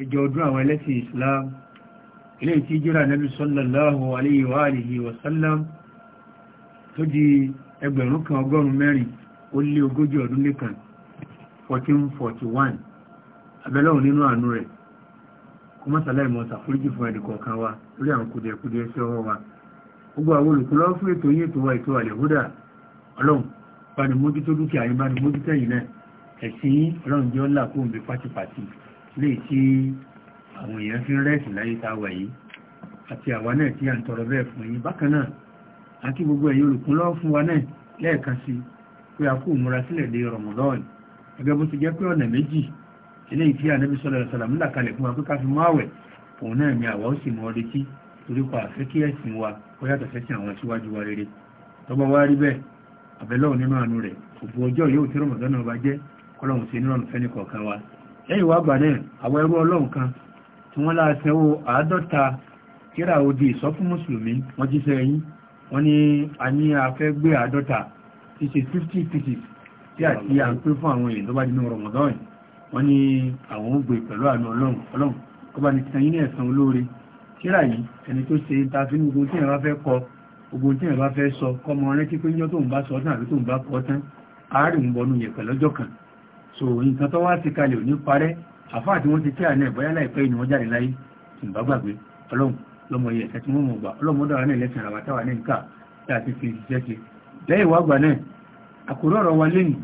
ẹjọ ọdún àwọn ẹlẹ́sìn islam ilé tí jíra nabi sallallahu alayhi wa alihi wa sallam tó di ẹgbẹ̀rún kan ọgọ́rùn mẹ́rin ó lé ogójì ọdún lẹ́kàn 1441 abẹ́lọ́run nínú àánú rẹ̀ kó mọ́sàlá ìmọ̀ ṣàforíjì fún ẹnì kọ̀ọ̀kan wa lórí àwọn kùdìẹ̀kùdìẹ̀ sí ọwọ́ wa gbogbo àwọn olùkúlọ́ fún ètò yìí ètò wa ètò àlèhúdà ọlọ́run bá ní mójútó dúkìá yín bá ní mójútó yìí náà ẹ̀sìn ọlọ́run jẹ́ ńlá kóhùn bí pátípátí lè tí àwọn èèyàn fi rẹ́ẹ̀sì láyé tá a wà yìí àti àwa náà tí à ń tọrọ bẹ́ẹ̀ fún yín bákan náà àti gbogbo ẹ̀yin olùkún lọ́wọ́ fún wa náà lẹ́ẹ̀kan sí pé a kú múra sílẹ̀ dé Ramadan gẹ́gẹ́ bó ti jẹ́ pé ọ̀nà méjì eléyìí tí ànábi sọ̀rọ̀ ìsàlámù là kalẹ̀ fún wa pé ká fi mọ́ àwẹ̀ òun náà ni àwa ó sì mọ́ retí torí pa àfẹ́ kí ẹ̀sìn wa ó yàtọ̀ sẹ́sìn àwọn síwájú wa rere tọ́gbọ́n wa rí bẹ́ẹ̀ àbẹ̀lọ́ọ̀ nínú àánú rẹ̀ òbú ọjọ́ yóò tí Ramadan náà jẹ́ kọ́lọ́hún sí nírọ̀nù fẹ́ni kọ̀ọ̀kan wa lẹ́yìn wá gbà náà àwọn ẹrú ọlọ́run kan tí wọ́n láà sẹ́wó àádọ́ta kíra odi ìsọ́ fún mùsùlùmí wọ́n jíṣẹ́ yín wọ́n ní a ní afẹ́ gbé àádọ́ta ti ṣe 50 pieces tí àti à ń pín fún àwọn èèyàn tó bá dínú Ramadan wọ́n ní àwọn ó gbé pẹ̀lú àánú ọlọ́run ọlọ́run kó bá ní titan yín ní ẹ̀san olóore kíra yìí ẹni tó ṣe ta fi ní gbogbo tí èèyàn bá fẹ́ kọ gbogbo tí èèyàn bá fẹ́ sọ kọ́mọ rántí so nǹkan tó wá ti kalẹ̀ ò ní parẹ́ àfáà tí wọ́n ti tẹ́ àná ìbọ̀yá láìpẹ́ ìní wọ́n jáde láyé ìbágbàgbé ọlọ́run lọ́mọ iye ẹ̀sẹ̀ tí wọ́n mọ̀ gbà ọlọ́mọdọ̀ ara náà lẹ́sìn àràwà táwà náà nǹka tí a ti fi ṣiṣẹ́ ṣe lẹ́yìn wá gbà náà àkórí ọ̀rọ̀ wa lẹ́yìn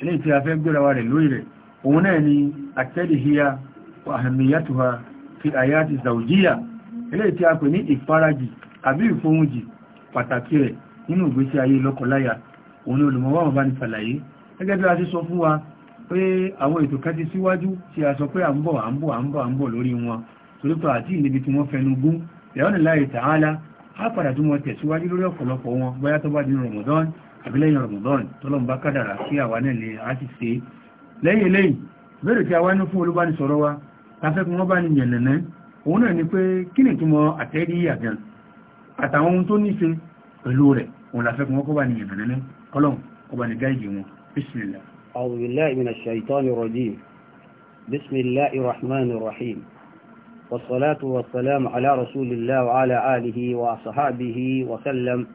eléyìí tí a fẹ́ gbéra wa rẹ̀ lórí rẹ̀ òun náà ni àtẹ́lìhíya wa àhàmìyàtùwa fi àyà ti zàwùjíyà eléyìí tí a pè ní ìfarajì àbí ìfohunjì pàtàkì rẹ̀ nínú ìgbésí ayé lọ́kọláya òun ni olùmọ̀wá wọn bá ní ṣàlàyé gẹ́gẹ́ bí a ti sọ fún wa pé àwọn ètò kan ti síwájú tí a sọ pé à ń bọ̀ à ń bọ̀ à ń bọ̀ à ń bọ̀ lórí wọn torí pé àti ìnibi tí wọ́n fẹnu gún lẹ́yọ́nì láì tààlà á padà tún wọn tẹ̀síwájú lórí ọ̀pọ̀lọpọ̀ wọn bóyá tó bá di Ramadan àbí lẹ́yìn Ramadan tọ́lọ́n bá kádàrà sí àwa náà lè á ti ṣe lẹ́yìn eléyìí bẹ́ẹ̀rẹ̀ tí a wá ní fún olúbánisọ̀rọ̀ wa tafẹ́ fún wọ́n bá ní yẹ̀nẹ̀nẹ́ òun náà ni pé kí ni túnmọ̀ àtẹ́rí àgbẹ̀n àtàwọn ohun tó níṣe pẹ̀lú rẹ̀ òun làfẹ́ fún wọ́n kọ́ bá ní yẹ̀nẹ̀nẹ́ kọ́lọ́n kọ́ bá ní gáìdì أعوذ بالله من الشيطان الرجيم بسم الله الرحمن الرحيم والصلاة والسلام على رسول الله وعلى آله وصحابه وسلم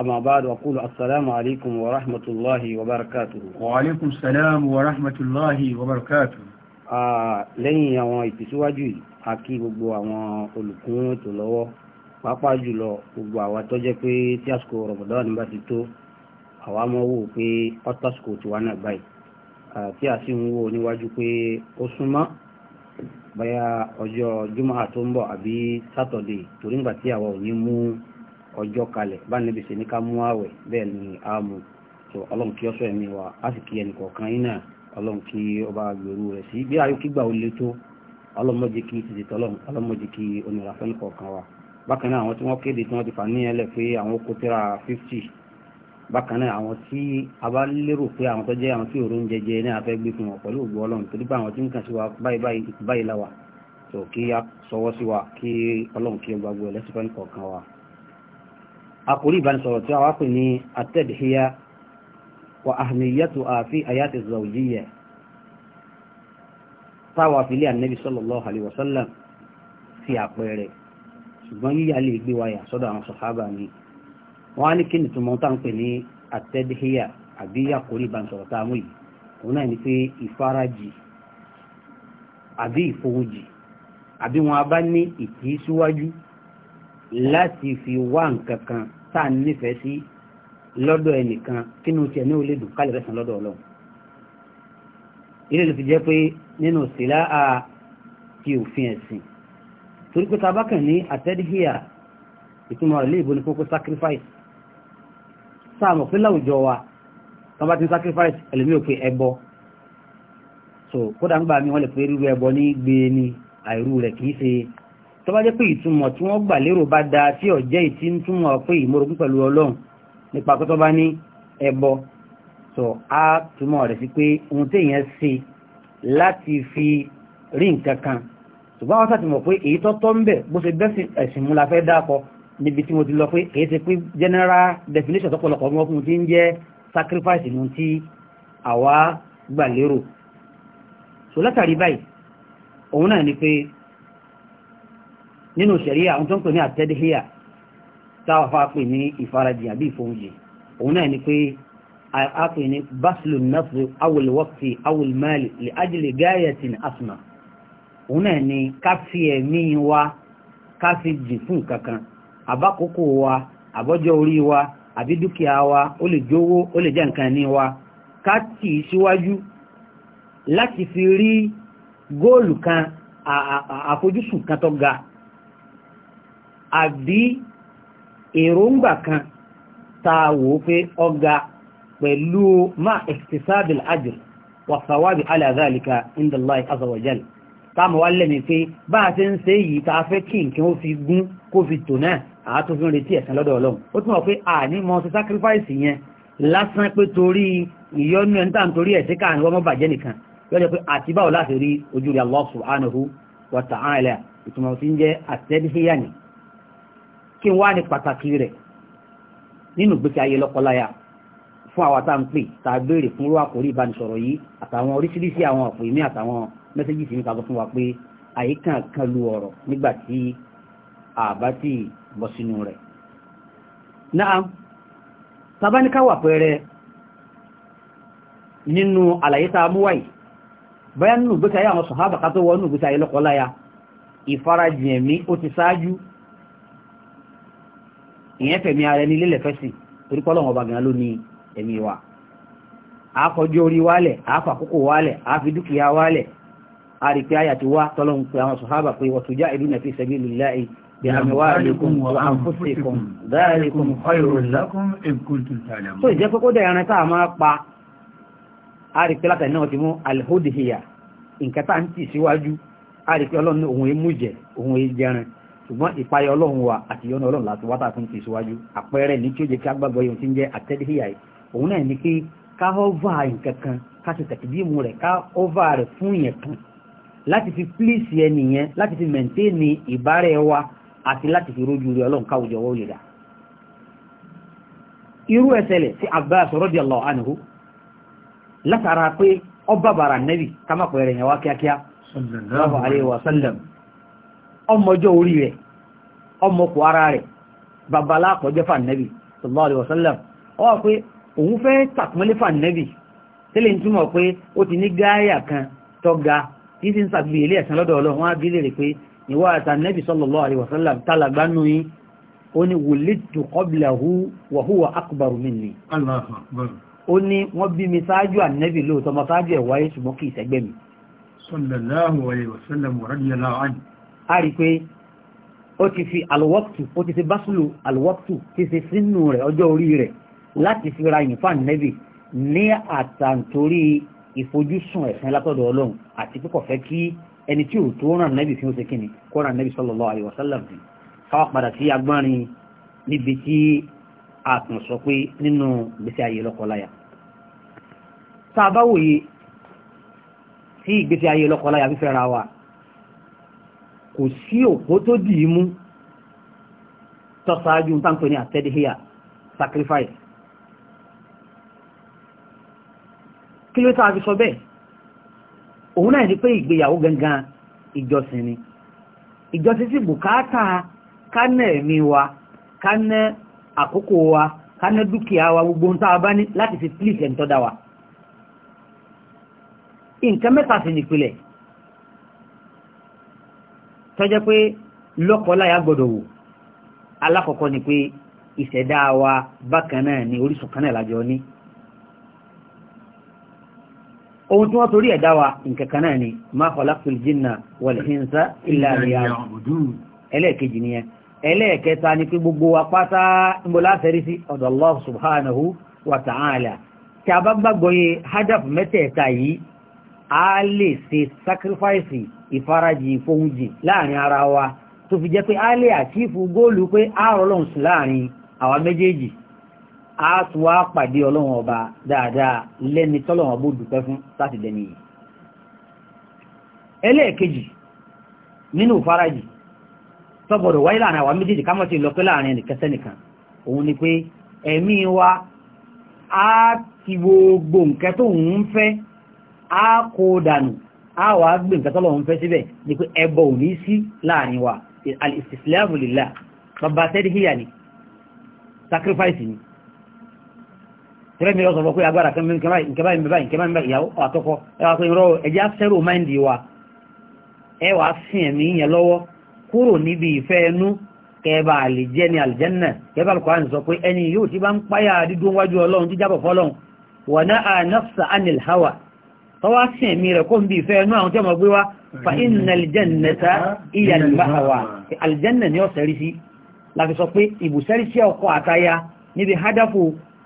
أما بعد أقول السلام عليكم ورحمة الله وبركاته وعليكم السلام ورحمة الله وبركاته lẹ́yìn àwọn ìtìsíwájú yìí a kí gbogbo àwọn olùkún ètò lọ́wọ́ pàápàá jùlọ gbogbo àwọn àwa ma wò pé ọ́tàsíkò tiwa náà báyìí tí a sì ń wo níwájú pé ó súnmọ́ báyà ọjọ́ ń àbí sátọ̀dé torí ngbà tí àwa ò ní mú ọjọ kalẹ̀ bá níbi ṣe ní ká mú bẹ́ẹ̀ ni a mú tó wa a sì kí ẹnì yín náà ọba gbèrú sí bí kígbà ó le tó kí tètè wa bákan náà àwọn tí kéde tí ti fà bákan náà àwọn tí a bá lérò pé àwọn tó jẹ́ àwọn tí òórùn jẹjẹ ní afẹ́ gbé fún wọn pẹ̀lú ògbó ọlọ́run torí bá àwọn tí ń kàn sí wa báyìí láwà tó kí a sọwọ́ sí wa kí ọlọ́run kí gbogbo ẹlẹ́sìnkọ́ni kọ̀ọ̀kan wa. àkórí ìbánisọ̀rọ̀ tí a wá pè ní atẹ́dìhíyá wa ahmiyatu àfi ayati zawjiyya táwa fi lé ànẹ́bí sallallahu alaihi wasallam fi àpẹẹrẹ ṣùgbọ́n yíyá lè gbé wa yà sọ́dọ̀ àwọn sàhábà wọ́n á ní kí ni tó mọ́ tá ń pè ní àtẹ́díhíyà àbí àkórí ìbánisọ̀rọ̀ tá a mú yìí òun náà ni pé ìfarajì àbí ìfowójì àbí wọn a bá ní ìtì síwájú láti fi wá nǹkan kan tá a nífẹ̀ẹ́ sí lọ́dọ̀ ẹnìkan kí ni o tiẹ̀ ní o lè dùn kálí rẹ̀ sàn lọ́dọ̀ ọlọ́run ilé ló fi jẹ́ pé nínú sílá a ti òfin ẹ̀sìn torí pé tabakàn ní àtẹ́díhíyà ìtumọ̀ rẹ̀ lè bo kókó sacrifice sáàmù pé láwùjọ wa tán bá ti sacrifice ẹlòmí òkè ẹbọ so kódà ń gbà mí wọ́n lè pé rírú ẹbọ ní gbé ni àìrú rẹ̀ kìí ṣe tó bá jẹ́ pé ìtumọ̀ tí wọ́n gbà lérò bá da tí ò jẹ́ pé ìmọ̀rogún pẹ̀lú ọlọ́run nípa pé tó bá ní ẹbọ so á túmọ̀ rẹ̀ sí pé ohun téèyàn ṣe láti fi rí nǹkan kan ṣùgbọ́n wọ́n sàtìmọ̀ pé èyí tó tọ́ ń bẹ̀ bó ṣe bẹ́sìn ẹ̀sìn mú la fẹ́ dákọ̀ọ́ níbi tí mo ti lọ pé kìí pé general definition tọ́pọ̀lọpọ̀ ọmọ ọkùnrin ti ń jẹ́ sacrifice ní ti àwa gbà lérò so látàrí báyìí òun náà ni pé nínú ṣẹ̀ríà àwọn tó ń pè ní àtẹ́dẹ́híà táwọn afá pè ní ìfarajìn àbí ìfòhùnjì òun náà ni pé àpè ní baslu nafsi awul waqti awul mali li ajli gayatin asma òun náà ni ká fi ẹ̀mí wa ká fi jì fún kankan àbákòókò wa àbọ́jọ́ orí wa àbí dúkìá wa ó lè jówó ó lè jẹ́ nǹkan ní wa ká tì í síwájú láti fi rí góòlù kan àfojúsùn kan tó ga àbí èròǹgbà kan ta wò pé ọga pẹ̀lú ma iktisabil ajr wa sawabi ala zalika inda Allah wá lẹ́mi pé bá a ṣe ń ṣe yìí ta fẹ́ kí nǹkan ó fi gún kó fi tò náà àátúnfin retí ẹ̀sán lọ́dọ̀ ọlọ́run ó túnmọ̀ pé a ní mọ́ sí sacrifice yẹn lásán pé torí ìyọnú ẹni tàn torí ẹ̀ sí káàrin wọ́n mọ́ bàjẹ́ nìkan yọ́jọ́ pé àti báwo láti rí ojú rẹ̀ Allah subhanahu wa ta'ala ìtumọ̀ sí ń jẹ́ àtẹ́bíṣẹ́yà ni kí wá ní pàtàkì rẹ̀ nínú gbèsè ayé lọ́kọláya fún àwọn tá à ń pè tá a béèrè fún rú àkórí ìbánisọ̀rọ̀ yìí àtàwọn oríṣiríṣi àwọn ọ̀pọ̀ ìmí àtàwọn mẹ́sẹ́jì sí ní ká fún wa pé àyíkàn kan lu ọ̀rọ̀ nígbà tí àbá tí bọ́ sínú rẹ̀ náà tàbáníkáwà pẹ̀rẹ nínú àlàyé tàà múwàí bẹ́ẹ̀ nínú gbé sáyé àwọn sọ̀hábà ká tó wọ́n nínú gbé sáyé lọ́kọ́láya ìfarajìn ẹ̀mí ó ti sáájú ìyẹn fẹ̀mí ara ẹni lélẹ̀ fẹ́sì torípọ́lọ̀ ọba gan ló ní ẹ̀mí wa àkọjú orí بأموالكم وأنفسكم ذلكم خير لكم إن كنتم تعلمون so ìjẹ́ kókó dẹ̀yàn tá a máa pa àríkẹ́ látàrí náà ti mú alhudhiya nǹkan tá ń tì síwájú àríkẹ́ ọlọ́run ní òun èmú jẹ òun èjẹrin ṣùgbọ́n ìpayọ ọlọ́run wa àti yọ́nà ọlọ́run láti wátà fún tì síwájú àpẹẹrẹ ní tí ó jẹ kí agbábọ̀ yóò ti ń jẹ́ àtẹ́díhìyà òun náà ní kí ká ọ́và nǹkan kan rẹ̀ ká rẹ̀ fún ìyẹn láti fi pílíìsì ẹnìyẹn láti fi mẹ̀ntẹ́ẹ̀nì ìbára wa àti láti fi rójú rí ọlọ́run káwùjọ wọ́n lè dá irú ẹsẹ̀lẹ̀ sí Abbas radiyallahu anhu látara pé ọba bàrà nẹ́bì kámàpọ̀ ẹ̀rẹ̀ yẹn wá kíákíá sallallahu alayhi wa sallam ọmọjọ́ orí rẹ̀ ọmọkù ara rẹ̀ babalá kọjẹ́ fà nẹ́bì sallallahu alayhi wa ìwọ́ àtànẹ́bì sallallahu alaihi wasallam tàlàgbà nù yí ó ní wùlìtù qablahu wa huwa akbaru minni ó ní wọ́n bí mi sáájú ànẹ́bì lóòtọ́ mọ́ sáájú ẹ̀ wáyé ṣùgbọ́n kì í sẹ́gbẹ́ mi sallallahu alaihi wasallam radiyallahu anhu a rí pé ó ti fi alwọ́pù ó ti fi básùlù alwọ́pù ti fi sínú rẹ̀ ọjọ́ orí rẹ̀ láti fi ẹni tí ò tó ràn nẹ́bì fi ń ṣe kíni kó ràn nẹ́bì sallallahu alaihi wasallam bí káwà padà sí agbọ́nrin níbi tí a kàn sọ pé nínú ìgbésí ayé lọ́kọláya tá a bá wòye sí ìgbésí ayé lọ́kọláya fífẹ́ ra wa kò sí òpó tó dì í mú tọ́sáájú táǹpẹ́ ní àtẹ́díhíà sacrifice kí ló tá a fi sọ bẹ́ẹ̀ òun náà ní pé ìgbéyàwó gangan ìjọsìn ni ìjọsìn sì bùkátà kánà ẹ̀mí wa kánà àkókò wa kánà dúkìá wa gbogbo ohun táwa bá ní láti fi plis ẹ̀ ń wa nǹkan mẹ́ta sì nìpìlẹ̀ tọ́jẹ́ pé lọ́kọ̀ọ́láyà gbọ́dọ̀ wò alákọ̀ọ́kọ́ ni pé ìṣẹ̀dá wa bákan náà ni orísun kan lájọ ní ohun tí wọ́n torí ẹ̀dá wa nǹkankan náà ni ma khalaqtul jinna wal insa illa liya'budun ẹlẹ́ẹ̀kejì nìyẹn ẹlẹ́ẹ̀kẹta ni pé gbogbo wa pátá ìmọ̀lá fẹ́rí sí ọ̀dọ̀ Allah subhanahu wa ta'ala tí a bá gbàgbọ́ yé hadaf mẹ́tẹ̀ẹ̀ta yìí a lè ṣe sacrifice tó fi jẹ́ pé a lè àkífù góòlù pé àárọ̀ lọ́hùn sí láàrin àwa méjèèjì a tún wá pàdé ọlọ́run ọba dáadáa lẹ́ni tọ́lọ́run ọba dùpẹ́ fún láti dẹni yìí ẹlẹ́ẹ̀kejì nínú ìfarajì tọ́gbọ̀dọ̀ wáyé láàrin àwa méjèèjì ká mọ́ sí lọ pé láàrin ẹnìkẹsẹ́ nìkan òun ni pé ẹ̀mí wa a ti gbogbo nǹkan tó ń fẹ́ a kó dànù a wà gbé nǹkan tọ́lọ́run fẹ́ síbẹ̀ ni pé ẹbọ ò ní sí láàrin wa al-istislamu lillah bàbá tẹ́lifíyà ni sacrifice ni tẹ́lẹ̀mí lọ́sọ̀ fọ́ pé agbára kẹbàá ìyàwó àtọ́kọ́ ẹwà pé ìrọ̀ ẹjá sẹ́rò máìndì wa ẹwà sí ẹ̀mí yẹn lọ́wọ́ kúrò níbi ìfẹ́ ẹnu kẹba àlìjẹ́ ni àlìjẹ́nà kẹba alukọ́rán sọ pé ẹni yóò ti bá ń páyà dídún wájú ọlọ́run jíjábọ̀ fọlọ́run wà ná ànáfsà anil hawa tọ́wá sí ẹ̀mí rẹ̀ kó ń bi ìfẹ́ ẹnu àwọn tí wọ́n gbé wá fa iná àlìjẹ́nà ìyà àlìbáhàwà àlìjẹ́nà ni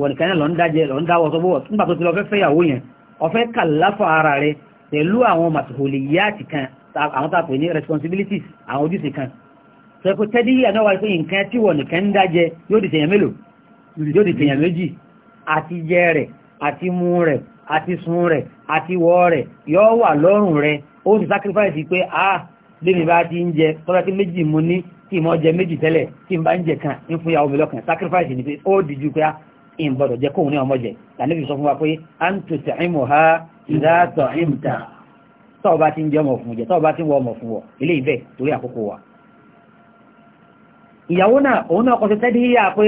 wọ̀nìkan náà lọ ń dájẹ́ lọ ń dáwọ́ tó bọ́wọ́ nígbà tó ti lọ fẹ́ fẹ́yàwó yẹn ọfẹ́ kàláfà ara rẹ pẹ̀lú àwọn màtòlì yáàtì kan àwọn tàpé ní responsibilities àwọn ojúṣe kan sẹ́kù tẹ́dí yíyà náà wáyé pé nǹkan tí wọ̀nìkan ń dájẹ́ yóò di tèèyàn mélòó yóò di tèèyàn méjì àti jẹ rẹ̀ àti mu rẹ̀ àti ti sacrifice pé ah bẹ́ẹ̀ni bá ti ń jẹ tọ́lá tí méjì mu ní tí mo jẹ méjì tẹ́lẹ̀ tí n bá ń jẹ kan ń fún yàwó mi lọ́kàn sacrifice ni pé ó dìjú pé ìbọ̀dọ̀ jẹ́ kóhun ní ọmọ jẹ lànàbí sọ fún wa pé a ń tò ha ìdátọ̀ ìmùta tọ́ọ̀bá ti ń jẹ́ ọmọ ti ń wọ ọmọ fún wọ ilé ìbẹ̀ torí àkókò wa ìyàwó náà òun náà kọsẹ̀ tẹ́dí yíyà pé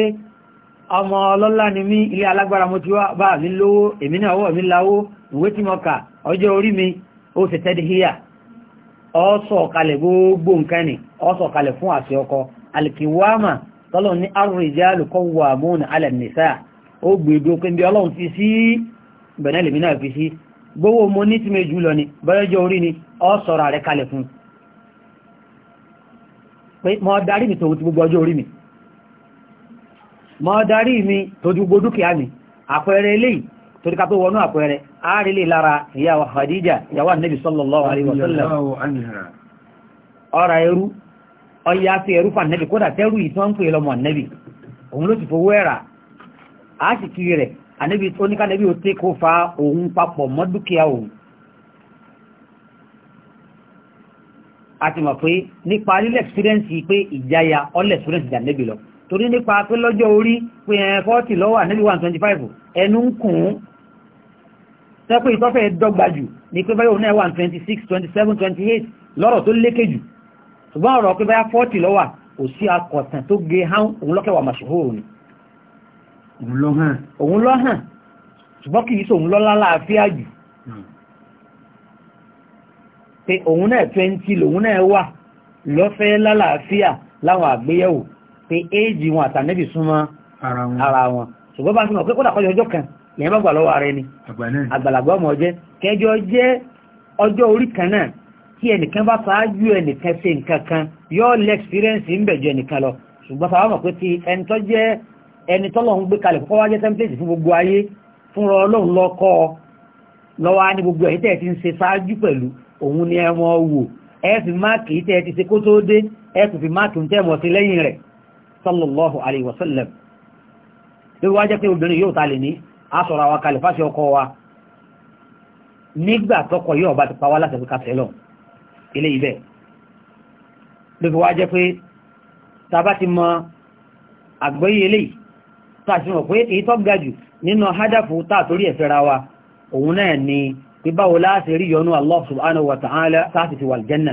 ọmọ ọlọ́lá ni mí ilé alágbára mo ti wá bá mi lówó èmi náà wọ̀ láwó ìwé mi ó sì tẹ́dí yíyà gbogbo nǹkan ni fún alikiwama tọ́lọ̀ ní wà mọ́ọ̀nà ó gbèdó e pé bí ọlọ́run fi sí bẹ̀rẹ̀ náà fi sí gbówó mo ní tí méjì ni orí ni ọ rẹ̀ kalẹ̀ fún mọ́ darí mi ti gbogbo mi tó ti gbogbo dúkìá mi àpẹẹrẹ eléyìí tó ti ká pé wọnú àpẹẹrẹ àárílé lára ìyàwó Khadija ìyàwó Ànábì sallallahu alaihi wasallam ọ̀rà àásìkí rẹ̀ ànábì tó ní kánẹ́bí ó tẹ́ kó fa òun papọ̀ mọ́ dúkìá òun a ti mọ̀ pé nípa lílẹ̀ experience pé ìjáya ọlẹ̀ experience ìjà níbi lọ torí nípa pé lọ́jọ́ orí pé ẹ̀ eh, 40 lọ́wọ́ àníbí 125 ẹnu ń kùn ún tẹ́pẹ́ ìtọ́fẹ́ dọ́gba jù ní pé báyọ̀ náà 126 27 28 lọ́rọ̀ tó lékè jù ṣùgbọ́n ọ̀rọ̀ pé báyá 40 lọ́wọ́ kò sí akọ̀tàn tó gé hán òun lọ́kẹ̀wà màṣúhóró ni òun lọ hàn ṣùgbọ́n kì í sòun lọ lálàáfíà jù hmm. pé òun náà tí lòun náà wà lọ́fẹ́ lálàáfíà láwọn àgbéyẹ̀wò pé éèjì wọn àtànẹ́bì súnmọ́ ara wọn ṣùgbọ́n bá ń sọ pé kan bá gbà ara ẹni àgbàlagbà ọmọ ọjẹ́ kẹjọ ẹni tọ́lọ̀ ń gbé kalẹ̀ kọ́ wájẹ́ template fún gbogbo ayé fún ọlọ́run lọ́kọ́ lọ́wọ́ ní gbogbo ẹ̀yìn tẹ́ẹ̀ ti ń ṣe ṣáájú pẹ̀lú òun ni ẹmọ wò ẹ fi máàkì tẹ́ẹ̀ ti ṣe kó tó dé ẹ fi máàkì ń tẹ́ẹ̀mọ̀ sí lẹ́yìn rẹ̀ sallallahu alayhi wa sallam lórí wájẹ́ pé obìnrin yóò ta lè ní aṣọ̀rọ̀ àwa kalẹ̀ pa wá láti ẹ̀ka tẹ́lọ̀ ilé ibẹ̀ lórí wájẹ́ pé eléyìí tàṣíràn pé èyí tó ga jù nínú hádàfù tààtórí ẹ̀fẹ́ra wa òun náà ni pé báwo láti rí yọnú Allah subhanahu wa ta'ala sáàsì ti wà jẹ́nà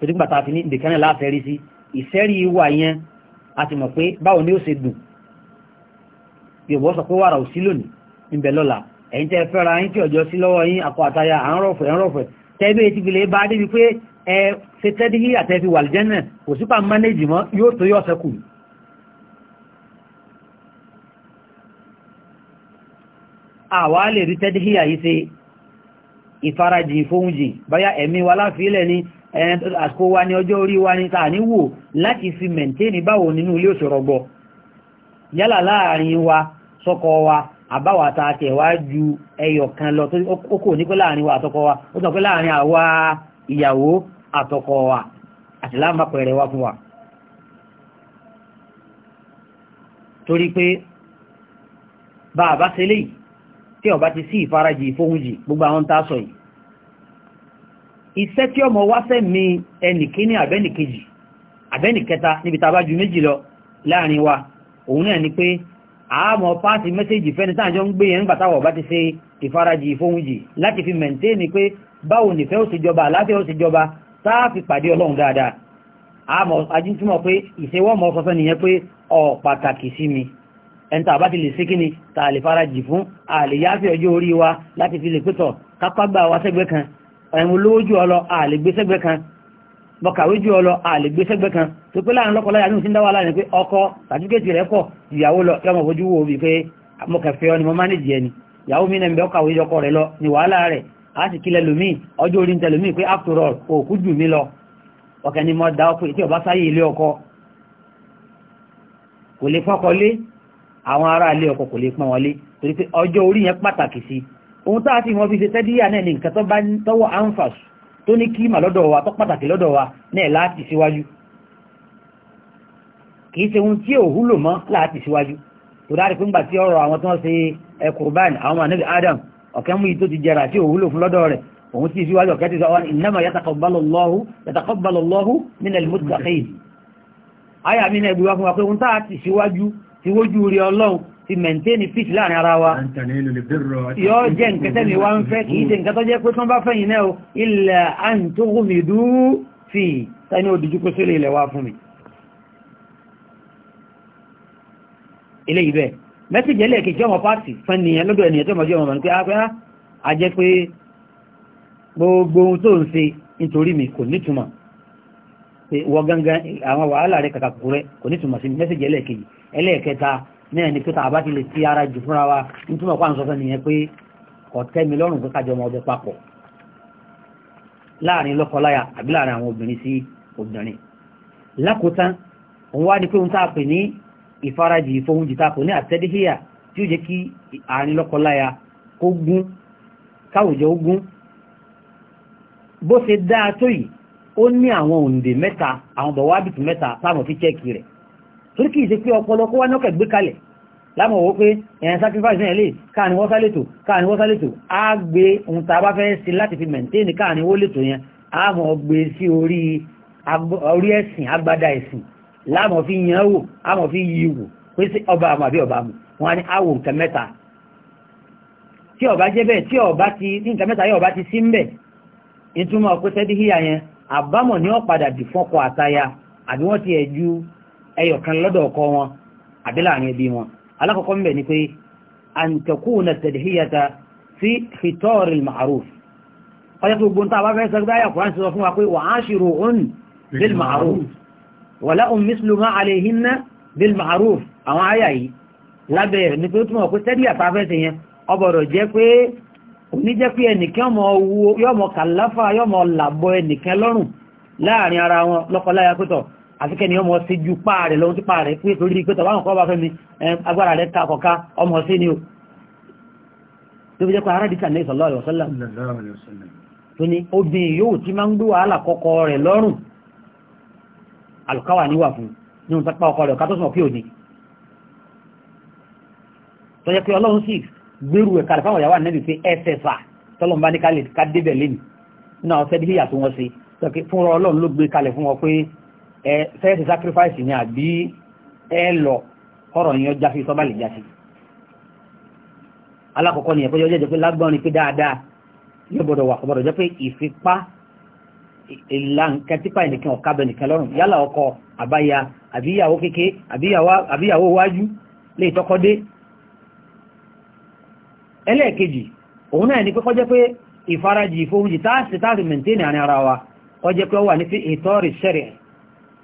tó dígbà tààfi ní ìbìkanẹ̀ láti rí sí ìsẹ́rí wà yẹn a ti mọ̀ pé báwo ni ó ṣe dùn yóò sọ pé wàrà òsí lónìí níbẹ̀ lọ́la ẹ̀yin tẹ́ fẹ́ra yín tí àwa lè rí tẹ́díhíyà yìí ṣe ìfarajì fóúnjì báyá ẹ̀mí wa láfílẹ̀ ni àsìkò wa ni ọjọ́ orí wa ni ta ní wò láti fi mẹ̀ntẹ́ni báwo nínú ilé òṣòrọ̀gbọ̀ yálà láàrin wa sọ́kọ wa àbáwà ta ju ẹyọ kan lọ tó kò tí ọba ti sí ìfarajì ìfóhunjì gbogbo àwọn tá sọ yìí iṣẹ́ tí ọmọ wá fẹ́ mi ẹnìkíní àbẹ́nìkejì àbẹ́nìkẹta níbi tá ju méjì lọ láàrin wa òun náà ni pé àmọ́ pàtí mẹ́sẹ̀jì fẹ́ni táàjọ ń gbé yẹn nígbà táwọn ọba ti ṣe ìfarajì ìfóhunjì láti fi mẹ̀ntẹ́ni pé báwo nìfẹ́ ó sì jọba àláfẹ́ ó sì jọba táàfi pàdé ọlọ́run dáadáa àmọ́ ajíntímọ̀ pé ìṣẹ́wọ́ ọmọ ọkọ̀ pàtàkì sí mi ẹ̀ntà àbá ti lè sí kíni ta lè farajì fún àlè yáfẹ́ ọjọ́ orí wa láti fi lè pẹ́tọ̀ kápágbà wa sẹ́gbẹ́ kan ẹ̀rùn olówó jù ọlọ àlè gbé sẹ́gbẹ́ kan bọ̀kàwé jù ọlọ àlè gbé sẹ́gbẹ́ kan tó pé láàrin lọ́kọ̀ láyà ní ni mo mánéjì ẹni ìyàwó mi náà ń bẹ ọkàwé ọkọ rẹ̀ lọ ní wàhálà rẹ̀ a sì kò lè fọkọ lé àwọn ará ilé ọkọ kò lè pọ́n wọlé torí pé ọjọ́ orí yẹn pàtàkì sí ohun tá a fi wọ́n fi ṣe tẹ́díyà náà ní nǹkan tó bá tọ́wọ́ anfas tó ní kíìmà lọ́dọ̀ wa tó pàtàkì lọ́dọ̀ wa náà láti síwájú kìí ṣe ohun tí ò wúlò mọ́ láti síwájú tó dárí pé ńgbà tí ọ̀rọ̀ àwọn tó ń ṣe kurban àwọn ànábì Adam ọ̀kẹ́ mú yìí tó ti jẹrà tí ò wúlò fún lọ́dọ̀ rẹ̀ òun ti síwájú ọ̀kẹ́ ti sọ wọn innama yataqabbalullahu yataqabbalullahu minal muttaqin ti wójú rí ọlọ́run ti mẹ̀ntẹ́ni fíṣ láàrin ara wa yóò jẹ́ nkẹtẹ́ mi wá ń fẹ́ kìí ṣe nkẹtọ́ jẹ́ pé tán bá fẹ́yìn náà ilẹ̀ à fi tẹ́ni òdìjú kó sílé ilẹ̀ wá fún mi ilé ibẹ̀ mẹ́sìgì ẹlẹ́ẹ̀kejì ọmọ pàtì fẹ́ni ẹlọ́dọ̀ ènìyàn tó mọ̀jú ọmọ pé ápẹ́ ah, á ah, jẹ́ pé gbogbo ohun tó ń ṣe nítorí mi kò nítumọ̀ sí mẹ́sìgì ẹlẹ́ẹ̀kejì ẹlẹ́ẹ̀kẹta náà ni pété àbá ti lè ti ara jù fúnra wa nítorí ọ̀pá àǹsọ̀ fún nìyẹn pé ọ̀tẹ́ mi lọ́rùn pé kájọ ọmọ ọbẹ̀ papọ̀ láàrin lọ́kọláya àbí láàrin àwọn obìnrin sí obìnrin lákòótán òun wá ní pé òun tá a pè ní ìfarajì ìfohunjì tá a pè ní àtẹ́díhìyà tí ó jẹ́ kí àárín kó gún torí kìí ṣe pé ọpọlọ kó wá nọ́kẹ̀ gbé kalẹ̀ lámọ̀ wó pé ẹ̀yàn sacrifice náà lè káàrin wọ́sá lètò káàrin wọ́sá lètò á gbé ohun tá a bá fẹ́ sí láti fi maintain káàrin wó lètò yẹn a mọ̀ gbé sí orí ẹ̀sìn agbádá ẹ̀sìn lámọ̀ fi yan wò á mọ̀ fi yí wò pé sí ọba àmọ̀ àbí ọba àmọ̀ wọn ni á wò nǹkan mẹ́ta tí ọba jẹ́ bẹ́ẹ̀ tí ọba ti ní nǹkan mẹ́ta yóò bá ti sí ń bẹ̀ ìtumọ̀ pé sẹ́dí híyà yẹn àbámọ̀ ni ó padà dì fọ́kọ̀ àtaya àbí wọ́n ti ẹ̀ ju ẹyọ̀kan lọ́dọ̀ ọkọ wọn àbí láàrin ẹbí wọn alákọ̀ọ́kọ́ ń bẹ̀ ni pé àǹtẹ̀kùnà tẹ̀dẹ̀híyàta sí fìtọ́ọ̀rì ma'aruf ọjọ́ tó gbóntà bá fẹ́ sẹ́gbẹ́ ayà kùrán sọ fún wa pé wà á ṣírò òun bil ma'aruf wà láhùn mísìlù má àlèhínná bil ma'aruf àwọn ayà yìí lábẹ́ rẹ̀ ni pé ẹnìkan ọmọ owó yọmọ kàláfà yọmọ làbọ ẹnìkan lọ́rùn láàrin ara wọn lọ́kọláya pẹ́tọ̀ àfikẹ́ ni ọmọ sí ju páà rẹ̀ lọ́wọ́ tí páà rẹ̀ pé torí pé tọ̀wọ́n kọ́ bá fẹ́ mi agbára rẹ̀ ká kọ̀ká ọmọ sí ni o tó fi jẹ́ pé aráàdìsà ní sallallahu alaihi wasallam tó ní obìnrin yóò ti máa ń gbé wàhálà kọ́kọ́ rẹ̀ lọ́rùn àlùkáwà níwà fún ní ohun tápá ọkọ rẹ̀ ọ̀ká tó sọ pé òní tó jẹ́ pé ọlọ́run sì gbérù ẹ̀ka rẹ̀ fáwọn ìyàwó ànẹ́bì pé ẹsẹ̀ fà tọ́lọ́n bá ní ká débẹ̀ lẹ́nu náà ọ̀sẹ̀ dígbìyà tó wọ́n ṣe fún ọlọ́run ló gbé kalẹ̀ ẹ fẹ́ẹ̀sì sacrifice ni àbí ẹ lọ kọ́rọ̀ yẹn jáfi sọ́bà lè jáfi alákọ̀ọ́kọ́ ni ẹ̀kọ́ jẹ́ pé lágbọ́nrin pé dáadáa yóò gbọ́dọ̀ wà kò gbọ́dọ̀ jẹ́ pé ìfipá ìlà nǹkan típa ẹnìkan ọ̀ka bẹ nìkan lọ́rùn yálà ọkọ àbáyà àbí ìyàwó kéke àbí ìyàwó wájú lè tọ́kọ́ dé ẹlẹ́ẹ̀kejì òun náà ni pé kọjẹ́ pé ìfarajì ìfohunjì táàsì táàsì mẹ́ntẹ́nì àárín ara wa kọjẹ́ pé ó wà ní fi ìtọ́rì sẹ́rẹ̀ẹ́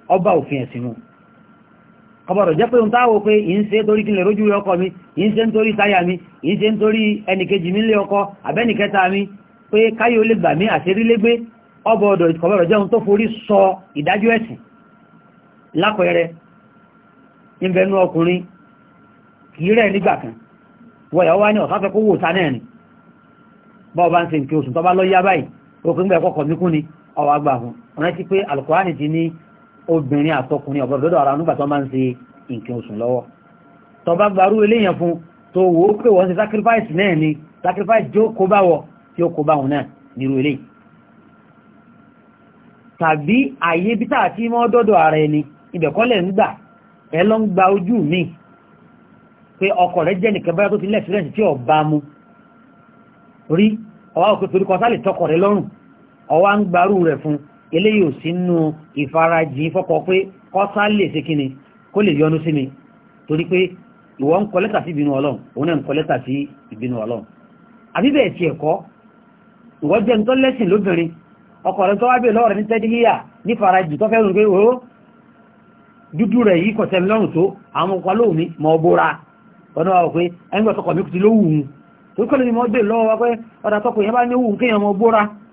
ọba òfin ẹ̀sìn mu ọbọ̀rọ̀ jẹ́ pé ń táwọ pé ìyí ṣe torí kí lè rójú rí ọkọ mi ìyí ṣe ń torí táyà mi ìyí ṣe ń torí ẹnìkejì mi lé ọkọ abẹ́nìkẹta mi pé káyé ó lè gbà mí àṣírí lé gbé ọbọ̀ọ̀dọ̀ ìkọ̀bọ̀rọ̀ jẹun tó forí sọ ìdájọ́ obìnrin àtọkùnrin ọ̀gbọ̀dọ̀dọ̀ ara nígbà tó máa ń ṣe nǹkan oṣù lọ́wọ́ tó bá gbarú eléyàn fún tó wò pé wọ́n ṣe sacrifice náà ni sacrifice jó kó bá wọ tí ó kó bá wọn náà nírú eléyìí tàbí àyè bí táà tí mọ́ dọ́dọ̀ ara ẹni ìbẹ̀kọ́lẹ̀ ń gbà ẹ lọ ń gba ojú mi pé ọkọ rẹ jẹ́ nìkan báyá tó ti lẹ́fìrẹ́ǹsì tí ó bá mu rí ọwá òkè torí kọsálì tọkọ rẹ lọ́rùn ọwá ń gbarú rẹ̀ fún eléyìí ò sí nú ìfarajìn fọ́kọ pé kọ́sá lè ṣe kíni kó lè yọnu sí mi torí pé ìwọ ń kọ lẹ́tà sí ìbínú ọlọ́run òun náà ń kọ lẹ́tà sí ìbínú ọlọ́run àbí bẹ́ẹ̀ tiẹ̀ kọ́ ìwọ jẹ́ tó lẹ́sìn lóbìnrin ọkọ tó wá ní ní tó pé wa pé ẹni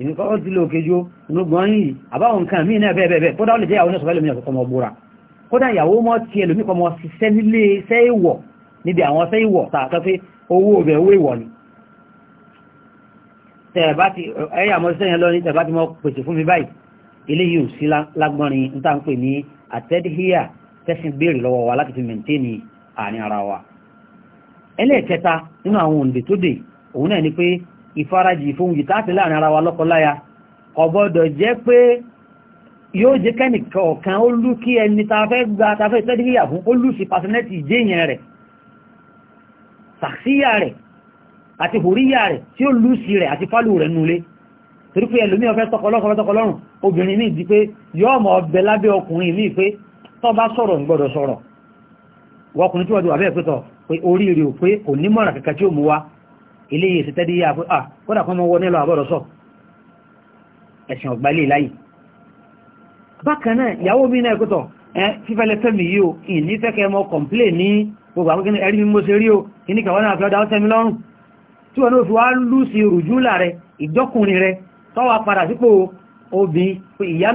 ìníkọ́ ti lò kejò inúgbọ́n yìí àbáwọn nǹkan míì náà bẹ́ẹ̀bẹ́ẹ̀ kódà ó lè jẹ́ ìyàwó náà sọ̀rọ̀ ìlòmínà kọ́kọ́ búra kódà ìyàwó mọ́ ti ẹlòmí kọ́mọ ṣiṣẹ́ nílé iṣẹ́ ìwọ̀ níbi àwọn iṣẹ́ ìwọ̀ tààtọ́ pé owó rẹ̀ owó ìwọ̀ ni ẹ̀yà mọ́ iṣẹ́ yẹn lọ ní tẹ̀bá ti mọ́ pèsè fún mi báyìí ilé yìí ò sí lágbọ́nrin ń tà wa láti fi mẹ̀ntẹ́ni àárín wa ẹlẹ́ẹ̀kẹta nínú àwọn òǹdè tó dè ìfarajì fún ìtàtí láàrin ara wa lọ́kọláya ọ̀bọ̀dọ̀ jẹ́ pé yóò jẹ́ kẹ́nìkan ọ̀kan ó lú kí ẹni tafẹ́ gba tafẹ́ tẹ́díríyà fún ó lú sí pàṣẹ́nẹ́tì ìjẹ́yìn rẹ̀ sàṣíyà rẹ̀ àti hùríyà rẹ̀ tí ó lú sí rẹ̀ àti fálù rẹ̀ nulé torí pé ẹlòmí ọ̀fẹ́ tọkọlọ́rùn obìnrin míì di pé yọ́ mọ̀ ọbẹ̀ lábẹ́ ọkùnrin míì pé tọ́ bá sọ̀rọ̀ gbọ́dọ̀ sọ̀rọ̀ ilé ìsì tẹ́dí yà pé ah kódà kan mọ́ wọ nílò àbọ̀rọ̀ sọ ẹ̀sìn ọ̀gbà ilé láyì bákan náà ìyàwó mi náà ẹ̀kútọ̀ ẹ fífẹ́lẹ́ fẹ́mi yìí ìní fẹ́kẹ́ mọ́ kọ̀m̀plé ní gbogbo àwọn ẹ̀rí mi mo ṣe rí o kíní kàwọn náà fi ọdá ọtẹ mi lọ́rùn tí wọn náà fi wá lù sí rùjúlà rẹ ìjọkùnrin rẹ tọ́wà padà sípò obì pé ìyá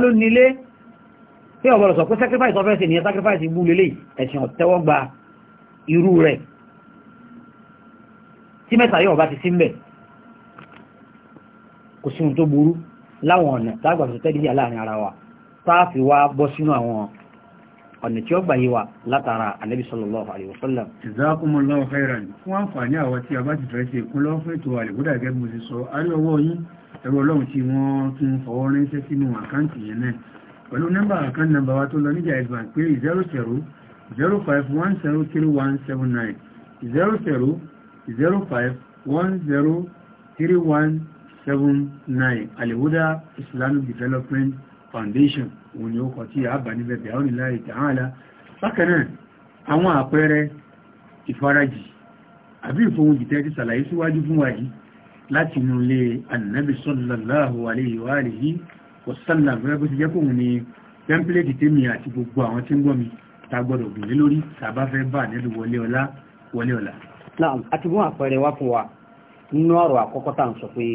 sacrifice ọ̀fẹ́ ni sacrifice gbú lélẹ̀ ẹ̀sìn ọ̀tẹ́wọ́gba irú tí mẹ́ta yóò bá ti sí mbẹ̀ kò sí ohun tó burú láwọn ọ̀nà tágbàtò tẹ́lifíà láàrin ara wa táàfi wá bọ́ sínú àwọn ọ̀nà tí ó gbà yí wa látara ànábì sallallahu alaihi wasallam. jazakumullahu khairan fún àǹfààní àwọn tí a bá ti fẹ́ ṣe ìkúnlọ́ fún ètò àlèkúdà gẹ́gẹ́ mo ti sọ aríọwọ́ yín ẹ̀rọ ọlọ́run tí wọ́n tún fọwọ́ ránṣẹ́ sínú àkáǹtì yẹn náà pẹ̀lú nọ́mbà àkáǹtì nọ́mbà zero zero zero five one zero three one seven nine zero zero 05103179 Al-Huda Islamic Development Foundation òun ni ó kọ̀ tí a bà níbẹ̀ bẹ̀ àwọn ìlàrí ìtàhánàlá bákanáà àwọn àpẹẹrẹ ìfarajì àbí ìfohun jìtẹ́ ti sàlàyé síwájú fún wa yìí láti inú ilé ànàbì sallallahu alayhi wa alihi wa sallam rẹ̀ bó ti jẹ́ kóhun ni tẹ́ḿpìlẹ̀tì tèmi àti gbogbo àwọn tí ń gbọ́ mi ta gbọ́dọ̀ gbìnlẹ̀ lórí tàbá fẹ́ bà nílùú wọlé ọlá wọlé ọlá náà àti mú àpẹẹrẹ wá fún wa nínú ọ̀rọ̀ àkọ́kọ́ tá à ń sọ pé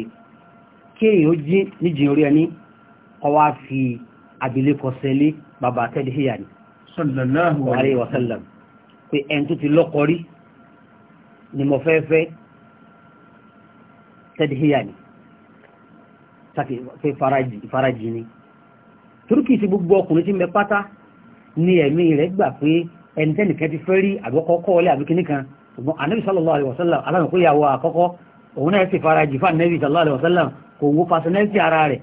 kéèyàn ó jí níjìn orí ẹni ọwá fi abilékọ sẹ́lé bàbá tẹ́lẹ̀ híyà ni sallallahu alaihi wasallam pé ẹni tó ni mo fẹ́ fẹ́ tẹ́lẹ̀ híyà ni tàbí pé ìfarajì ni turkey ti gbogbo ọkùnrin tí mẹ pátá ni ẹ̀mí rẹ̀ gbà pé ẹni tẹ́nìkan ti fẹ́ rí àgbọ́kọ́kọ́ ọlẹ́ àbíkíníkan ṣùgbọ́n ànábì sallallahu alaihi wasallam alámọ̀kúyàwó àkọ́kọ́ òun náà sì fara jì fún ànábì sallallahu alaihi wasallam kò wo personality ara rẹ̀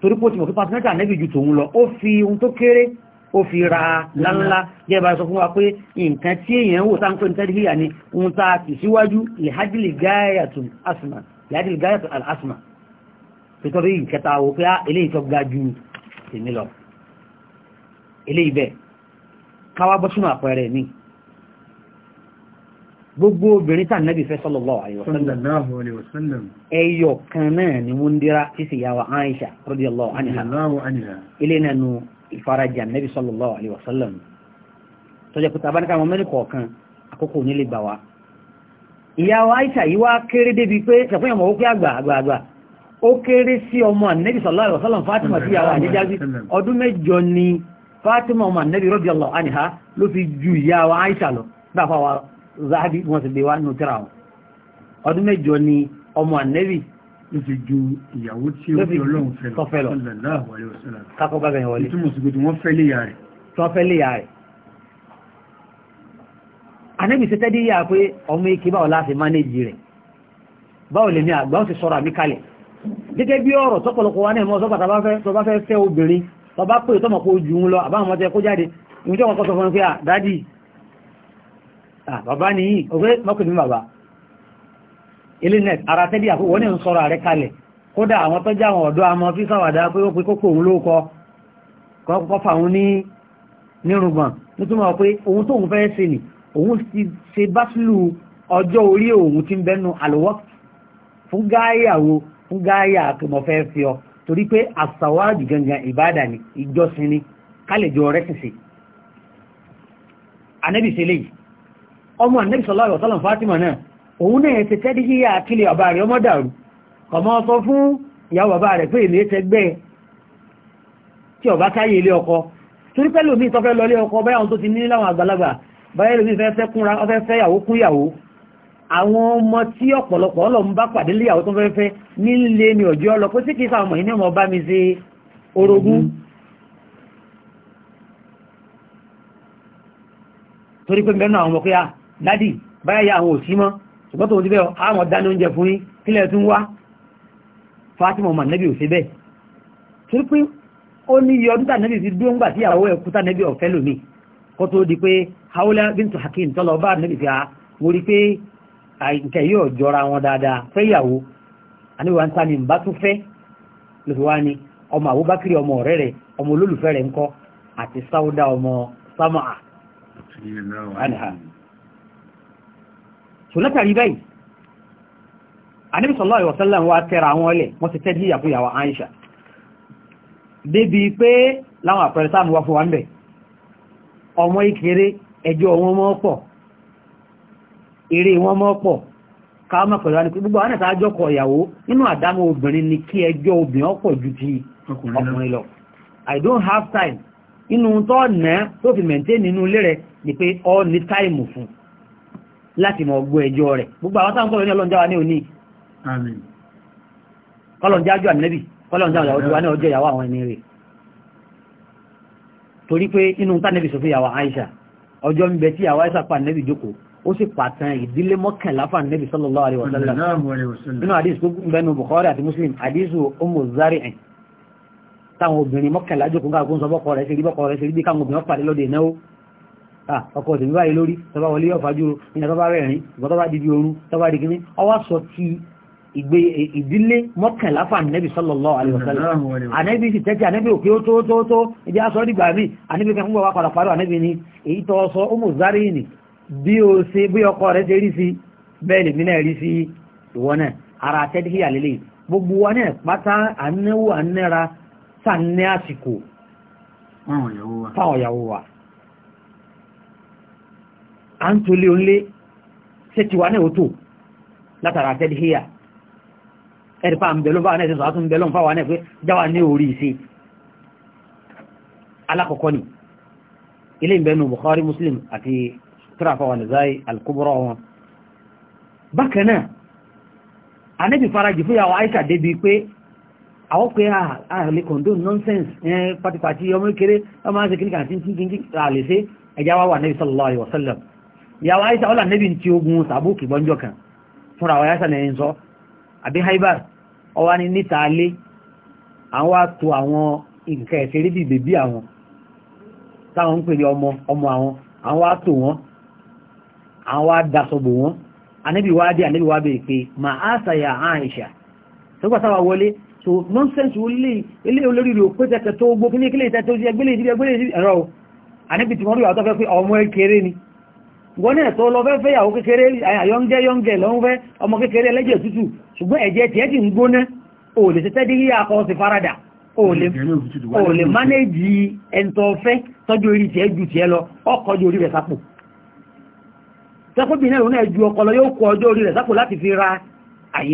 torí pé ó ti mọ̀ pé personality ànábì ju tòun lọ ó fi ohun tó kéré ó fi ra lánlá jẹ́ bá sọ fún wa pé nǹkan tí èèyàn wò sáńpé ní tẹ́lifí yà ni ohun tá a kì síwájú lèhájìlì gáyàtùn asma lèhájìlì gáyàtùn asma pẹ̀tọ́rí ìkẹta á eléyìí tó ga ju tèmi lọ eléyìí àpẹẹrẹ míì gbogbo obìnrin tàn náà bí fẹ́ sallallahu alaihi wasallam ẹyọ kan náà ni wọ́n dira tí sì yàwó Aisha radiyallahu anha ilé náà nu ìfarajà náà bí sallallahu alaihi wasallam tọ́jà pẹ̀tà abánikà wọn mẹ́rin kọ̀ọ̀kan zahabi wọ́n sì gbé wá nù tíra wọn ọdún mẹ́jọ ni ọmọ ànẹ́bì ló fi ju ìyàwó tí ó fi ọlọ́run fẹ́ lọ kákọ́ bá bẹ̀yẹn wọlé ìtumọ̀ sí pé wọ́n fẹ́ léyà rẹ̀ tó fẹ́ léyà rẹ̀ ànẹ́bì ṣe tẹ́dí yà pé ọmọ ike báwo láti mánéjì rẹ̀ báwo lè ní àgbà ó sì sọ̀rọ̀ àmì kalẹ̀ gẹ́gẹ́ bí ọ̀rọ̀ tọ́pọ̀lọpọ̀ wa náà mọ́ sọ́pàá tó bá fẹ́ fẹ́ obìnrin tó bá pè tọ́mọ̀ kó ju ń lọ àbáwọn ọmọ tẹ kó jáde ìwé tí kọ́ sọ fún un pé à dádì Ah, bàbá ni yìí ọgbẹ́ mọ́kùnrin bàbá ilé net ara tẹ́bí àkókò wọ́n ní ń sọ̀rọ̀ àrẹ kalẹ̀ kódà àwọn tọ́jà àwọn ọ̀dọ́ àmọ́ fi sàwàdà pé ó pe kókò òun ló kọ kọfà òun ní nírùngbọ̀n nítorí pé ohun tóun fẹ́ ṣe nì òun ti ṣe báṣìlù ọjọ́ orí òun ti ń bẹ́nu àlùwọ́ fún gáyàwó fún gáyà tó mọ̀ fẹ́ fi ọ torí pé àsàwádìí gangan ìbádà ni ìjọsìn ni kálẹ̀ jọ rẹ́sìn sí anábìsẹ́lẹ̀ yìí ọmọ Ànábì sallallahu alaihi wasallam Fátímà náà òun náà ti tẹ́dí yíya àkílẹ̀ ọba rẹ̀ ọmọ dàrú ọmọ sọ fún ìyàwó bàbá rẹ̀ pé èmi tẹ gbẹ́ tí ọba táyé ilé ọkọ torí pẹ́lú mi tọ́fẹ́ lọlé ọkọ báyà wọn tó ti ní láwọn àgbàlagbà báyà lómi fẹ́ fẹ́ kúnra ọfẹ́ fẹ́ yàwó kún yàwó àwọn ọmọ tí ọ̀pọ̀lọpọ̀ ọlọ́run bá torí pé mẹ́nu àwọn ọmọ pé ah, dádì ya àwọn òsí mọ́ ṣùgbọ́n tó ń díbẹ̀ àwọn dání oúnjẹ fún yí kílẹ̀ tún wá Fatima ọmọ nẹ́bí ò sí bẹ́ẹ̀ torí pé ó ní iye ọdún tànẹ́bí ti dúró ńgbà tí ìyàwó ẹ̀kú tànẹ́bí ọ̀fẹ́ lómi kó tó di pé Hawla bintu Hakim tọ́lọ bá nẹ́bí fi ha mo rí pé àìkẹ́ yóò jọra wọn dáadáa fẹ́ ń ọmọ àti so látàrí báyìí Ànábì sallallahu alaihi wasallam wá tẹ́ra àwọn ọlẹ̀ wọ́n ti tẹ́ díyà fún ìyàwó Àìṣà débi pé láwọn àpẹẹrẹ sáàmù wọn mọ́ pọ̀ ere wọn mọ́ pọ̀ káàmà pẹ̀lú àníkú gbogbo àwọn ni ju ti I don't have time inú fi láti mọ̀ ọgbọ́ ẹjọ́ rẹ̀ gbogbo àwọn sáwọn sọ̀rọ̀ ní ọlọ́njáwà ní òní kọlọ̀njájú àmìnẹ́bì kọlọ̀njáwà ọjọ́ ní ọjọ́ ìyàwó àwọn ẹni rẹ̀ torí pé inú tánẹ́bì sọ fún ìyàwó Aisha ọjọ́ ń bẹ tí ìyàwó Aisha pa nẹ́bì jókò ó sì pàtàn ìdílé mọ́kànlá fún nẹ́bì sallallahu alaihi wasallam nínú àdísù Bukhari àti Muslim àdísù Ummu Zari'in táwọn obìnrin mọ́kànlá jókòó káàkó ń sọ bọ́kọ rẹ̀ ṣe rí bọ́kọ rẹ̀ ṣe rí bí káwọn obìnrin pàdé lọ́dẹ̀ náà ọkọ̀ tèmi báyìí lórí tọba wọlé yọ fàájúro ìyẹn tọba rẹ̀rin ìgbọ́ tọba dìbí oru tọba dìbí ní ọwá sọ ti ìgbé ìdílé mọ́kànlá fún ànẹ́bì sallallahu alaihi wasallam ànẹ́bì sì tẹ́tí ànẹ́bì òkè ó tó tó tó ìdí aṣọ dìgbà mí ànẹ́bì kan wà padà parí ànẹ́bì ni èyí tọ́ sọ ó mú zárì nì bí o ṣe bí ọkọ rẹ ṣe rí sí bẹ́ẹ̀ lèmi náà rí sí ìwọ náà ara tẹ́tí àlélẹ́ gbogbo wa náà pátá ànẹ́wò ànẹ́ra sànẹ́ àsìkò fáwọn ìyàwó wa à ń tolé onílé ṣe tiwa náà ó tò látara àtẹ́dí híyà ẹ̀rìpá ń bẹ̀lọ́ fáwọn ẹ̀sẹ̀ sọ́tún bẹ̀lọ́ fáwọn ẹ̀ pé jáwà ní orí ìṣe alákọ̀ọ́kọ́ ni ilé ìbẹ̀nu Bukhari Muslim àti tíráfàwọn nìzáì al-Kubra wọn bákan náà anẹ́bì farajì fún yàwó Aisha débi pé àwọn pé ah, ààrẹ ìyàwó àìsà ọlà níbi tí ogun sàbókì bọ́njọ́ kan fúnra àwọn àìsà lẹ́yìn sọ àbí haibar ọwá ní níta alé àwọn àtò àwọn nǹkan ẹ̀fẹ́ rí bí bèbí àwọn táwọn ń pè ní ọmọ ọmọ àwọn àwọn àtò wọn àwọn àdásọ̀bò wọn anábì wá dé anábì wá bèèrè pé ma á sàyà àìsà sọ́gbà sáwà wọlé so nonsense wọlé ilé olórí rò pé tẹ́tẹ́ tó gbó kí ní kílé tẹ́tẹ́ tó jẹ́ gbélé ìdíbẹ̀ gbélé ìdíbẹ̀ ẹ̀rọ anábì tí wọ́n rí wà tó fẹ́ pé ọmọ ẹkẹrẹ ni wọ́n náà tó lọ fẹ́ fẹ́ yàwó kékeré yọ́ngẹ́ yọ́ngẹ́ lọ́n fẹ́ ọmọ kékeré ẹlẹ́jẹ̀ tútù ṣùgbọ́n ẹ̀jẹ̀ tiẹ̀ ti ń gbóná o lè tẹ́tẹ́ dí yíya sí farada o lè mánéjì ẹntọ́fẹ́ tọ́jú orí ori ju tiẹ̀ lọ ọkọ̀ ju orí rẹ̀ sápò tẹ́kọ́bìnrin ẹ̀rọ náà ju ọkọ̀ lọ yóò kọ ọjọ́ orí rẹ̀ sápò láti fi ra àyè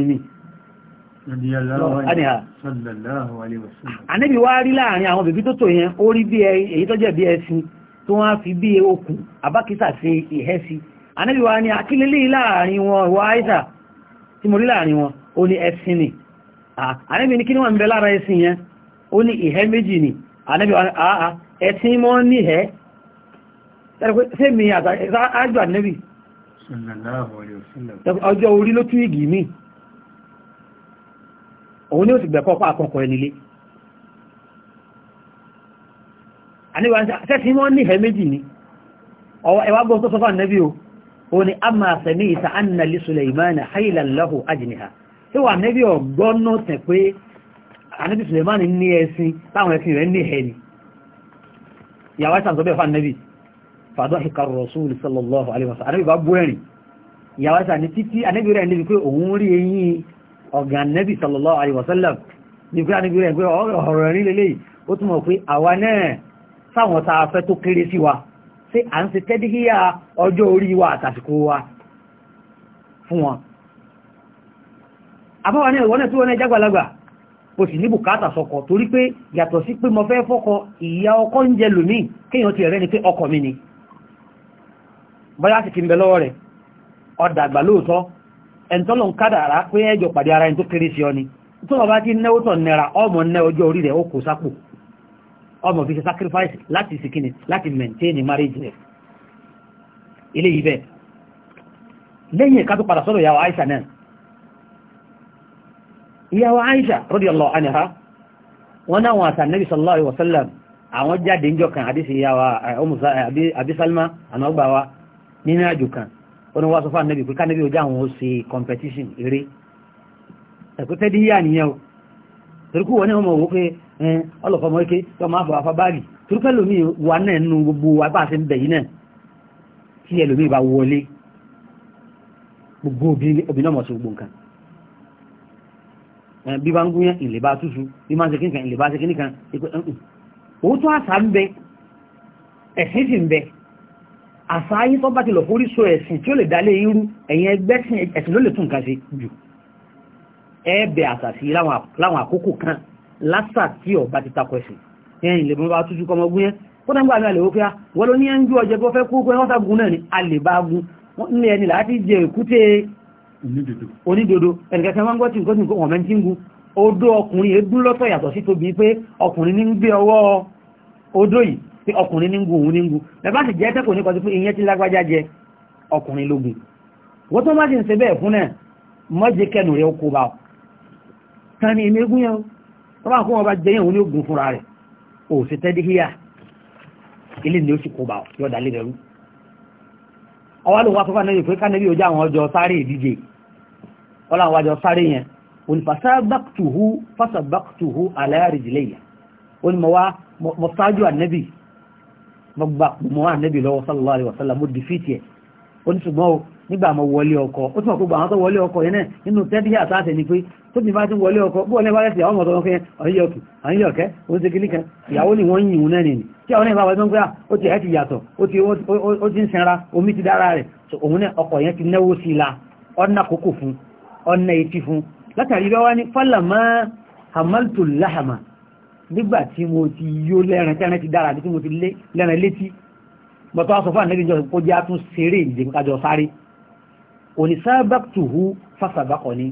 ilé àníbi wá rí láàrin àwọn bèbí tó tò yẹn ó rí bí èyí tó jẹ́ bí ẹṣin tó wọ́n fi bí okùn àbákísà sí ìhẹ́sí àníbi wá ní akílélé láàrin wọn ìwọ àìsà tí mo rí láàrin wọn ó ní ẹṣin ni àníbi ní kí ní wọ́n ń bẹ lára ẹṣin yẹn ó ní ìhẹ́ méjì ni àníbi wá ẹṣin mọ́ ní ìhẹ́ ọjọ́ orí ló tún igi mi òun ni ó ti gbẹ̀kọ́ pa àkọ́kọ́ ẹnilé àníwá sẹ́sí wọ́n ní ẹ̀ méjì ni ẹwà gbọ́n tó sọ́fà nẹ́bí o ó ní a máa sẹ̀mí ìta anna li Sulaimana haylan lahu ajniha tí wà nẹ́bí ọgbọ́nà tẹ̀ pé anẹ́bí Sulaimani ní ẹṣin táwọn ẹṣin rẹ̀ ní ẹ̀ ni ìyàwó ìsàn sọ́bẹ̀ fà nẹ́bí ọ̀gá nẹ́bì sallallahu alaihi wasallam ní pé àníbi rẹ̀ pé ọ̀rọ̀ rí lélẹ̀ ó túnmọ̀ pé àwa náà sáwọn ta fẹ́ tó kéré sí wa si a ń ṣe tẹ́díkíyà ọjọ́ orí wa àtàsìkò wa fún wọn àbáwọn náà ìwọ́n náà wọ́n náà jágbàlagbà kò sì ní bùkátà sọkọ torí pé yàtọ̀ sí pé mo fẹ́ fọ́kọ ìyá ọkọ ń jẹ lòmí kéèyàn mi ni bọ́yá sì ń bẹ lọ́wọ́ rẹ̀ ọ̀dàgbà ẹ̀ntọ́lọ̀ ń kádàrá pé ẹjọ pàdé ara ẹni tó kéré sí ọ ni tó bàbá tí náwó tọ̀ nẹ́ra ọmọ nẹ́ ọjọ́ orí rẹ̀ ó kò sápò ọmọ fi ṣe sacrifice láti sìkínì láti maintain marriage rẹ̀ ilé yìí bẹ́ẹ̀ lẹ́yìn ẹ̀ká tó padà sọ́dọ̀ ìyàwó Aisha náà ìyàwó Aisha radiyallahu anha wọ́n náà wọn àtàn Nabi sallallahu alaihi wasallam àwọn jáde ń jọ kan àdísì ìyàwó eh, eh, Abi Salma àmọ́gbà wa nínú àjò oní wá sọ fún ànẹ́bì pé kánẹ́bì ojú àwọn ó competition eré ẹ̀kọ́ tẹ́dí yíyà nìyẹn o torí kú wọ́n ní ọmọ òwú pé ọlọ́pàá ọmọ ike tó máa fọwọ́ afábáàgì torí pẹ́ lómi wà náà nínú gbogbo apáṣẹ ń bẹ̀ yìí náà tí ẹlòmíì bá wọlé gbogbo obìnrin ọmọ sí gbogbo nǹkan àsáyí tó bá ti lọ forí so ẹ̀sìn tí ó lè dálé irú ẹ̀yìn ẹgbẹ́ ẹ̀sìn ló lè tún nǹkan ṣe jù ẹ̀ẹ́bẹ̀ àsàsí láwọn àkókò kan lásà tí ọ̀ bá ti takọ̀ ẹ̀sìn ẹ̀yìn lè mọ́ bá tútù kọmọ gún yẹn kódà ń gbà ní àlèwò pé a ah, wọ́n ló ní ni a lè bá gún wọ́n ní ẹni láti jẹ èkúté onídodo ẹnìkẹ́kẹ́ wọ́n gbọ́ tí pé ọkùnrin níngù òun níngù bẹ̀bá sì jẹ́ tẹ́kùn nípa sí pé ìyẹn ti lágbájá jẹ ọkùnrin lógun wọ́n tó má sì ń ṣe bẹ́ẹ̀ fún náà mọ́jẹ kẹnu rẹ̀ kó bá ọ tani èmi egun yẹn wọ́n bá kó wọn bá òun ní ogun fúnra rẹ̀ ò sì tẹ́ díhíyà ilé ni ó sì kó bá ọ yọ̀dà lé rẹ̀ rú ọwọ́ ló wá fọ́fà náà yìí kánẹ́bí ojú àwọn ọjọ́ sáré ìdíje ọlá ọjọ́ sáré yẹn olùfàṣàbàkùtùhù fàṣàbàkùtùhù aláyàrìjìlẹ̀ yẹn olùmọ̀wá mọ̀ṣáájú ànẹ́bì mo gba mọ́ ànẹ́bì lọ́wọ́ sallallahu alaihi wasallam mo dìfìtì ẹ̀ ó ní ṣùgbọ́n o nígbà mo wọlé ọkọ ó túnmọ̀ gbogbo àwọn tó wọlé ọkọ yẹn náà nínú tẹ́bíyà sáàtẹ̀ ni pé tó ti bá ti wọlé ọkọ bó ọlẹ́ wáyé sí àwọn ọmọdé ọkọ yẹn ọ̀yọ́kì ọ̀yọ́kẹ́ ó ń ṣe kìlíkẹ́ ìyàwó ni wọ́n ń yìn náà nìyí tí àwọn ìbáwọ̀ ẹ̀sán pé ah, ó ti ẹ̀ ti yàtọ̀ ó ti ń sanra omi ti dára rẹ̀ òun náà ọkọ yẹn ti náwó sí la ọ̀nà kókò nígbà tí mo ti yó lẹ́rin tẹ́rin ti dára tí mo ti lé lẹ́rin létí bọ̀tọ́ sọ fún ànẹ́bí jọ kó jẹ́ àtún seré ìdè kájọ sáré òní sábàtùhù fásàbàkọ̀ ni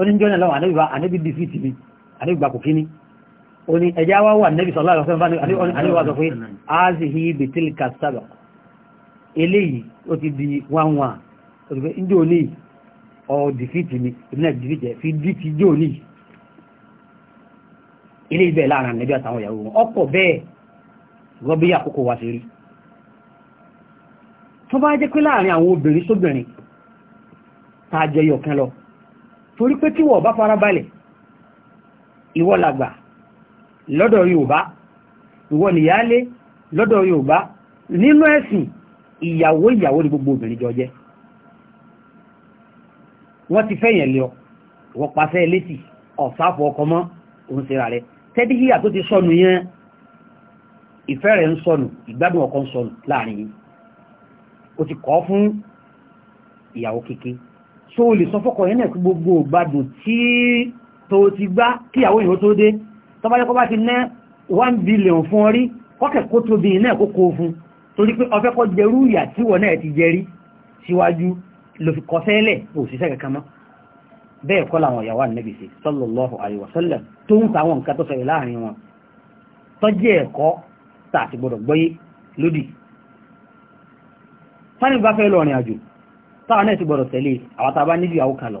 oníjọ́ náà lọ́wọ́ ànẹ́bí bá ànẹ́bí dìfìtì mi ànẹ́bí gbà kò kíní oni ẹja wá wà nẹ́bí sọ̀lá àlọ́sẹ́ bá ní wà sọ pé azihi betilka sábà eléyìí ó ti di wánwán òdìfẹ́ ìjọ́ ní ọ̀dìfìtì mi ìbínà ìdìfìtì ẹ̀ fi dí ti jọ́ ní yìí ilé ibẹ̀ láàrin ànẹ́bí àtàwọn ìyàwó wọn ọ̀pọ̀ bẹ́ẹ̀ ṣùgbọ́n bí àkókò wa ṣe rí tó bá jẹ́ pé láàrin àwọn obìnrin sóbìnrin tá a jẹyọ kan lọ torí pé tí wọ́n bá fara balẹ̀ ìwọ làgbà lọ́dọ̀ Yorùbá ìwọ nìyálé lọ́dọ̀ Yorùbá nínú ẹ̀sìn ìyàwó ìyàwó ni gbogbo obìnrin jọ jẹ́ wọ́n ti fẹ́yàn lé ọ wọ́n pàṣẹ létí ọ̀sáfọ̀ ọkọ mọ́ òun ṣe rà rẹ̀ tẹ́bíhíyà tó ti sọnù yẹn ìfẹ́ rẹ̀ ń sọnù ìgbádùn ọkọ ń sọnù láàrin yìí o ti kọ́ fún ìyàwó kéke so o lè sọ fọ́kọ yẹn náà gbogbo ìgbádùn tí tó ti gbá kí ìyàwó yìí tó dé tọ́bájọ́kọ́ bá ti ná one billion fún ọ rí kọ́kẹ̀ kó tóbi yìí náà kó kó fún torí pé ọfẹ́ kọ́ jẹrú ìyà tí wọ́n náà ti jẹrí síwájú lòfikọ́sẹ́lẹ̀ òṣìṣẹ́ kankan mọ́ bẹ́ẹ̀ kọ́ làwọn ìyàwó ànẹ́bì sí sallallahu alaihi wasallam tó ń ta àwọn nǹkan tó ṣẹlẹ̀ láàrin wọn tọ́jú ẹ̀kọ́ tá a ti gbọ́dọ̀ gbọ́yé lódì tani bá fẹ́ lọ rìn àjò táwọn náà ti gbọ́dọ̀ tẹ̀lé àwọn tá a bá níbi ìyàwó kan lọ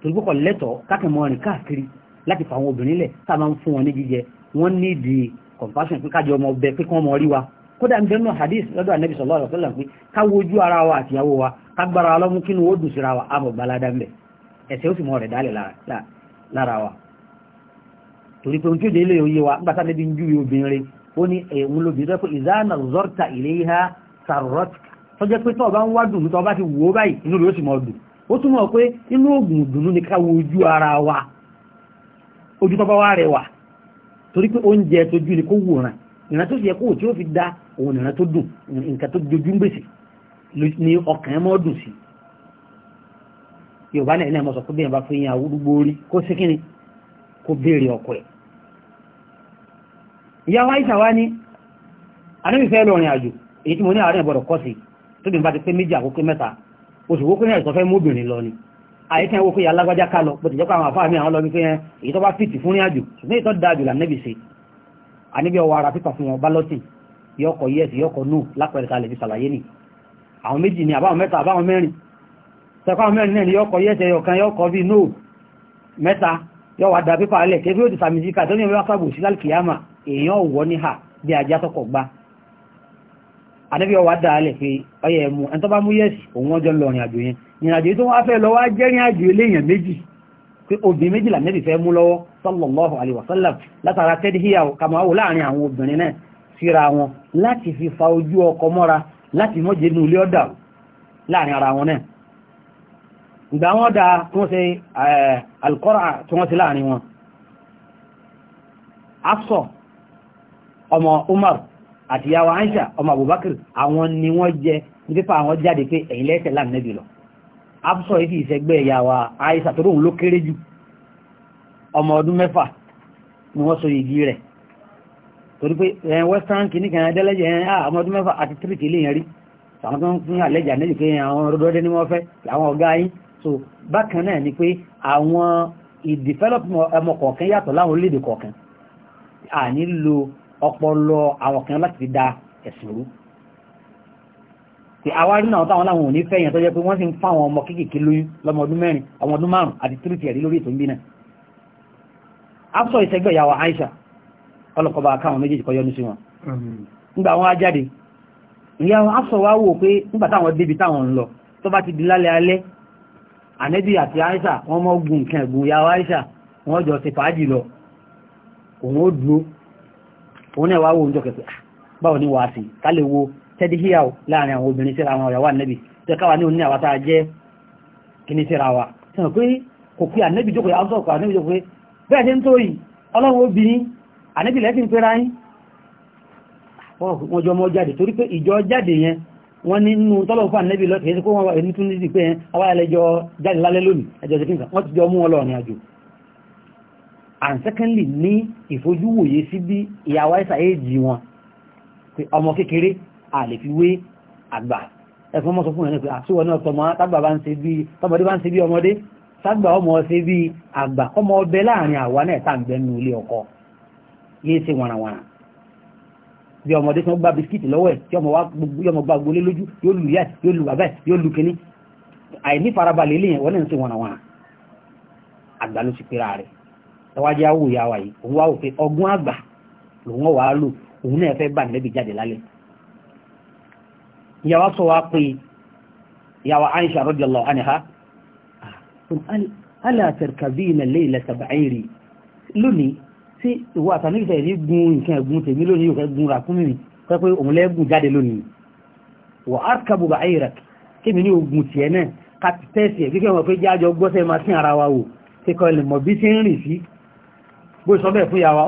torí púpọ̀ lẹ́tọ̀ọ́ kákẹ́mọ́ rìn káàkiri láti fa àwọn obìnrin lẹ̀ tá a máa ń fún wọn ní jíjẹ wọ́n ní kájọ ọmọ ọbẹ̀ pé kán ọmọ rí wa kódà ń bẹnu hadith lọ́dọ̀ ànẹ́bì sallallahu alaihi wasallam pé ká ara wa àtìyàwó wa ká gbára kínú ó dùn síra wa àbọ̀ gbalada ń ẹ̀sẹ̀ ó sì mọ́ rẹ̀ dálẹ̀ lára wa torí pé oúnjẹ ilé òye wa gbàtà níbi ń júwe obìnrin ó ní ẹ̀wọ̀n lóbi rẹ̀ pé ìzáàna zọ́rta ilaiha sarrot tó jẹ́ pé tó bá ń wá dùn tó ti wò báyìí inú rẹ̀ ó sì mọ́ dùn ó túmọ̀ pé inú oògùn dùnú ni ká wo ojú ara wa ojú tó bá wá rẹwà torí pé oúnjẹ tó jú ni kó wòran ìran tó yẹ kó tí ó fi dá òun ìran tó dùn nǹkan tó dojú ń gbèsè ni ọkàn ẹ mọ́ dùn sí yorùbá náà náà mọ́ sọ pé bí i bá fi yan àwúrúgbó rí kó sí kíni kó béèrè ọkọ ẹ̀ ìyá wa ìṣà wá ní anábìfẹ́ lọ́rin àjò èyí tí mo ní àárín ìbọ̀dọ̀ kọ́ sí tó bí n bá ti pé méjì àkókò mẹ́ta oṣù wókè náà ni àyíkẹ́ owó kóyà alágbájá ká lọ pẹ̀tẹ̀jọ́ pàwọn àfáà mi àwọn lọ wípé èyí tó bá fìtì fún ríàjò ṣùgbọ́n èyí tó dáa jù lànẹ́bì ṣe àníbí ọwọ́ ara pípa fún wọn bálọ́tì àwọn méjì ni àbáwọn mẹ́ta àbáwọn mẹ́rin sẹ́kọ́ mẹ́rin náà ni yọ́kọ̀ yẹ́sẹ̀ yọ̀kan yọ́kọ̀ bí nóò mẹ́ta yọ́ wà dà pípa alẹ̀ kébí ó ti sàmì síkà tó ní ẹgbẹ́ wákàbò sí lálkìyàmà èèyàn wọ́ ní hà bí ajá tọ́kọ̀ gbá anábí ọwà dà alẹ̀ pé ọyẹ ẹ̀mú ẹn tó bá mú yẹ́sì òun ọjọ́ lọ rìn àjò yẹn ìrìn àjò tó wá fẹ́ lọ wá jẹ́ rìn àjò eléyàn méjì pé obìnrin méjìlá nẹ́bì fẹ́ mú lọ́wọ́ sallallahu alaihi wasallam látara tẹ́dí láti fi fa ojú ọkọ mọ́ra láti mọ́jẹ́ inú ilé ọ̀dà láàrin ara wọn náà ìgbà wọ́n dá tí wọ́n ṣe eh, alkọ́rà tí wọ́n ti láàrin wọn afsọ ọmọ umar àti yàwó aisha ọmọ abubakar àwọn ni wọ́n jẹ nípa àwọn jáde pé ẹ̀yin lẹ́ẹ̀tẹ̀ láàrin lọ afsọ yìí fi ìṣẹ́gbẹ́ yàwó aisha tó lóhun ló kéré jù ọmọ ọdún mẹ́fà ni wọ́n so igi rẹ̀ torí pé ẹ̀yìn eh, western kìíní kan adẹ́lẹ́jẹ̀ ẹ̀yìn eh, ah, ọmọ ọdún mẹ́fà àti tíríkì ilé yẹn rí àwọn tó ń fún àlẹ́jà nílùú pé àwọn rọdọdẹ ni wọ́n fẹ́ àwọn ọ̀gá yín so bákan náà ni pé àwọn ìdìfẹ́lọ́pìmọ̀ ọmọ kọ̀ọ̀kan yàtọ̀ láwọn orílẹ̀-èdè kọ̀ọ̀kan à nílò ọpọlọ àwọn kan láti fi da ẹ̀sìn rú tí àwa rí náà táwọn láwọn ò ní fẹ́ yẹn tó jẹ́ pé wọ́n sì ń fáwọn ọmọ kéékèèké lóyún lọ́mọ ọdún mẹ́rin ọmọ ọdún márùn àti tírìtì ẹ̀rí lórí ètò ń bí náà afsọ ìṣẹ́gbẹ̀ ìyàwó Aisha ọlọ́kọba akáwọn méjèèjì kọyọ ní sí wọn nígbà wọn á jáde ìyàwó afsọ wá wò pé nígbà táwọn débi táwọn ń lọ tó bá ti di lálẹ́ alẹ́ ànẹ́bí àti àìsà wọ́n mọ́ gùn nǹkan ẹ̀gùn ìyá àìsà wọ́n jọ ti fàájì lọ òun ó dúró òun náà wáwó oúnjẹ kẹfẹ́ ah, báwo ni wàá wo tẹ́dí híyàwó láàrin àwọn obìnrin síra wọn ìyàwó ànẹ́bí tẹ́ káwa ní òun ní àwátá jẹ́ kíní síra wa sẹ́wọ̀n pé kò pé ànẹ́bí jókòó ànẹ́bí jókòó bẹ́ẹ̀ ń tó yìí ọlọ́run obìnrin ànẹ́bí lẹ́sìn ah, wọ́n jáde torí pé jáde yẹn wọ́n ní nínú tọ́lọ̀ fún ànẹ́bí lọ kìí sí kó wọ́n wà ní tún nídìí pé awáyẹlẹ́jọ jáde lálẹ́ lónìí ẹjọ́ sí kíńsà wọ́n ti jọ mú wọn lọ́rùn àjò and secondly ní ìfojúwòye sí bí ìyàwó ẹ̀sà èjì wọn pé ọmọ kékeré a lè fi wé àgbà ẹ̀fọ́n mọ́ sọ fún ẹni pé àṣíwọ̀ náà tọmọ tágbà bá ń ṣe bí tọmọdé bá ń ṣe bí ọmọdé tágbà ọmọ ṣe bí àgbà kọmọ ọbẹ̀ láàrin àwa náà tàbí ẹnu ilé ọkọ yéé ṣe wọ̀nàwọ̀nà bí ọmọdé tí wọ́n gba bisikíìtì lọ́wọ́ ẹ̀ tí ọmọ gba gbolé lójú yóò lu yá yóò lu bàbá yóò lu kínní àìní farabalẹ̀ ilé yẹn wọ́n náà ń ṣe wọ̀nàwọ̀nà àgbà ló ti pera rẹ̀ ẹwájú awò ìyá wa yìí òun wá wò pé ọgbọ́n àgbà lòun wà á lò òun náà fẹ́ bà níbi jáde lálẹ́ ìyàwó sọ wá pé ìyàwó Aisha radiyallahu anha ala ah, tarkabina laylata ba'iri lónìí sí ìwọ àtàníkìtẹ̀ ní gun nǹkan ẹ̀gún tèmi lónìí yóò fẹ́ gun ràkúnmí mi fẹ́ pé òun lẹ́gùn jáde lónìí wọ arkabu bá ayé rẹ̀ kémi ní ogun tiẹ̀ náà kàti tẹ́sì ẹ̀ kíkẹ́ wọn pé jájọ gbọ́sẹ̀ máa sí ara wa wò kíkọ́ ilẹ̀ mọ̀ bí sí ń rìn sí bó sọ fún ya wa ó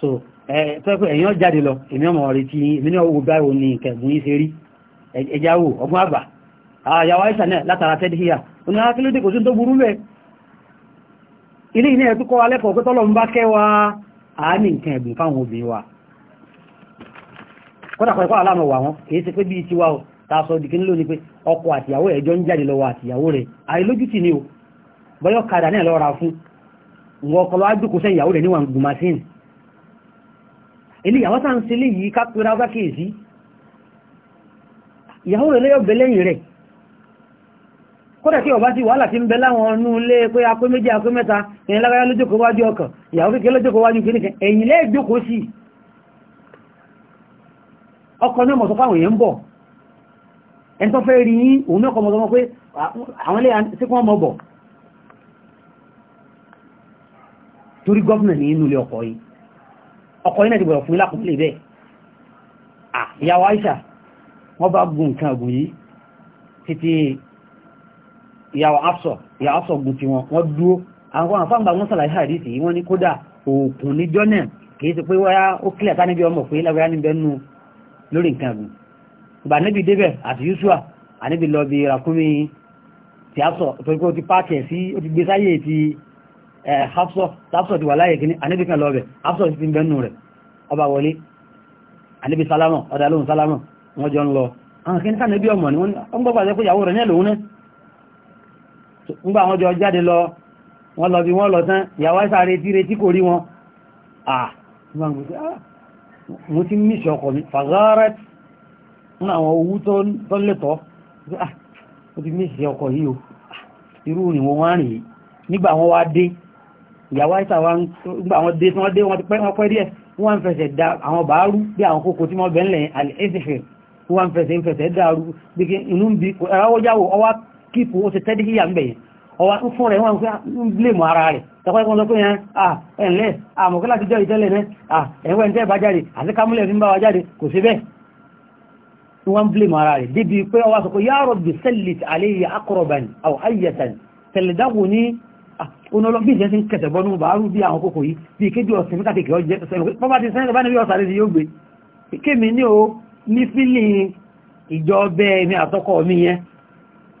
so fẹ́ pé ẹ̀yàn jáde lọ èmi ọmọ rẹ̀ ti èmi ní owó báyìí ò ní kẹ̀gùn yìí ṣe rí ẹjáwò ọgbọ́n àgbà àyàwó àìsàn akílódé kò sí tó burú bẹ́ẹ̀ ilé ilé ẹ̀tún kọ́ alẹ́kọ̀ọ́ pé tọ́lọ̀ ń bá kẹwa àání nǹkan ẹ̀bùn fáwọn obìnrin wa kọ́dàkọ́ ẹ̀kọ́ aláàmọ̀ wà wọ́n kìí ṣe pé bí tiwa o ta sọ dìkí nílò ni pé ọkọ àtìyàwó ẹ̀jọ́ ń jáde lọ́wọ́ àtìyàwó rẹ̀ àìlójútì ni o bọ́yọ́ kadà náà lọ́ra fún ǹgọ́ ọkọ̀ kódà tí ọba sí wàhálà tí ń bẹ láwọn ọnú ilé pé akó méjì akó mẹ́ta ìyẹn lágbáyá lójókòó wájú ọkàn ìyàwó kékeré lójókòó wájú kìnnìkan ẹ̀yìn lẹ́ẹ̀jókòó sí ọkọ̀ náà mọ̀sọ́pá àwọn èèyàn ń bọ̀ ẹni tó fẹ́ rí yín òun náà kọ mọ̀sọ́mọ́ pé àwọn ìyàwó afsọ ìyàwó afsọ gùn ti wọn wọ́n dúró àwọn àfáàgbà wọn sàlàyé àdìsí wọ́n ní kódà òògùn níjọ́ náà kìí ti pé wáyá ó kílẹ̀ ká níbi ọmọ pé lábẹ́yà níbẹ̀ nù lórí nǹkan ẹ̀gùn ìgbà níbi débẹ̀ àti yusua àníbi lọ bí rakumi ti afsọ torí pé ó ti páàkì ẹ̀ sí ó ti gbé sáyé ti afsọ afsọ ti wà láyé kìíní àníbi kan lọ́ọ̀bẹ̀ afsọ ti ń bẹ́nu rẹ̀ ọba wọlé àníbi sálámọ̀ ọ̀dà lóhùn sálámọ̀ wọ́n jọ ń lọ àwọn kìíní sáà níbi ọmọ ni wọ́n gbọ́gbà nígbà wọn jọ jáde lọ wọ́n lọ bí wọ́n lọ tán ìyàwó àìsà retí retí kò rí wọn ah mo ti mísì ọkọ̀ mi fàgárẹ́t ní àwọn owó tó lẹ́tọ́ ah, mo ti mísì ọkọ̀ yìí o ah, irú ni wọ́n rìn yìí nígbà wọn wá dé ìyàwó àìsà wọn dé tí wọ́n dé wọ́n pẹ́ díẹ̀ wọ́n ń fẹsẹ̀ da àwọn bàárù bí àwọn kókò tí wọ́n bẹ̀ ń lẹ̀ àlẹ́ ẹ̀sìnfẹ̀ wọ́n ń fẹsẹ̀ ń fẹsẹ̀ dàrú bí inú ń bi ẹ̀ráwọ́jáwò ọwá kíìpù ó ṣe tẹ́dí yíyà ń bẹ̀yẹn ọwá ń fún rẹ̀ wọ́n ń blé mọ́ ara rẹ̀ tọ́kọ́ ẹ̀kọ́ lọ́pọ̀ yẹn ah, ah, ẹ̀ǹlẹ́ àmọ̀kẹ́ ah, láti jọ ìtẹ́lẹ̀ náà ẹ̀wẹ̀ ń tẹ́ bá jáde àti kámúlẹ̀ ní bá wa jáde kò sí bẹ́ẹ̀ wọ́n blé mọ́ ara rẹ̀ débi pé ọwá sọ pé ya Rabbi sallit alayya aqraban aw ayyatan tẹ̀lẹ̀ dákò ní onọ́lọ́ bí ìjẹsìn kẹsẹ̀ bọ́nú bàárù bí àwọn kòkò yìí bí kéjì ọ̀sìn mẹ́ta kèkè ọjẹ́ sẹ́nu pọ́pá ti sẹ́nu bá ní ọ̀sà rẹ̀ yóò gbé kémi ní o ní fílì ìjọ ọbẹ̀ mi àtọkọ mi yẹn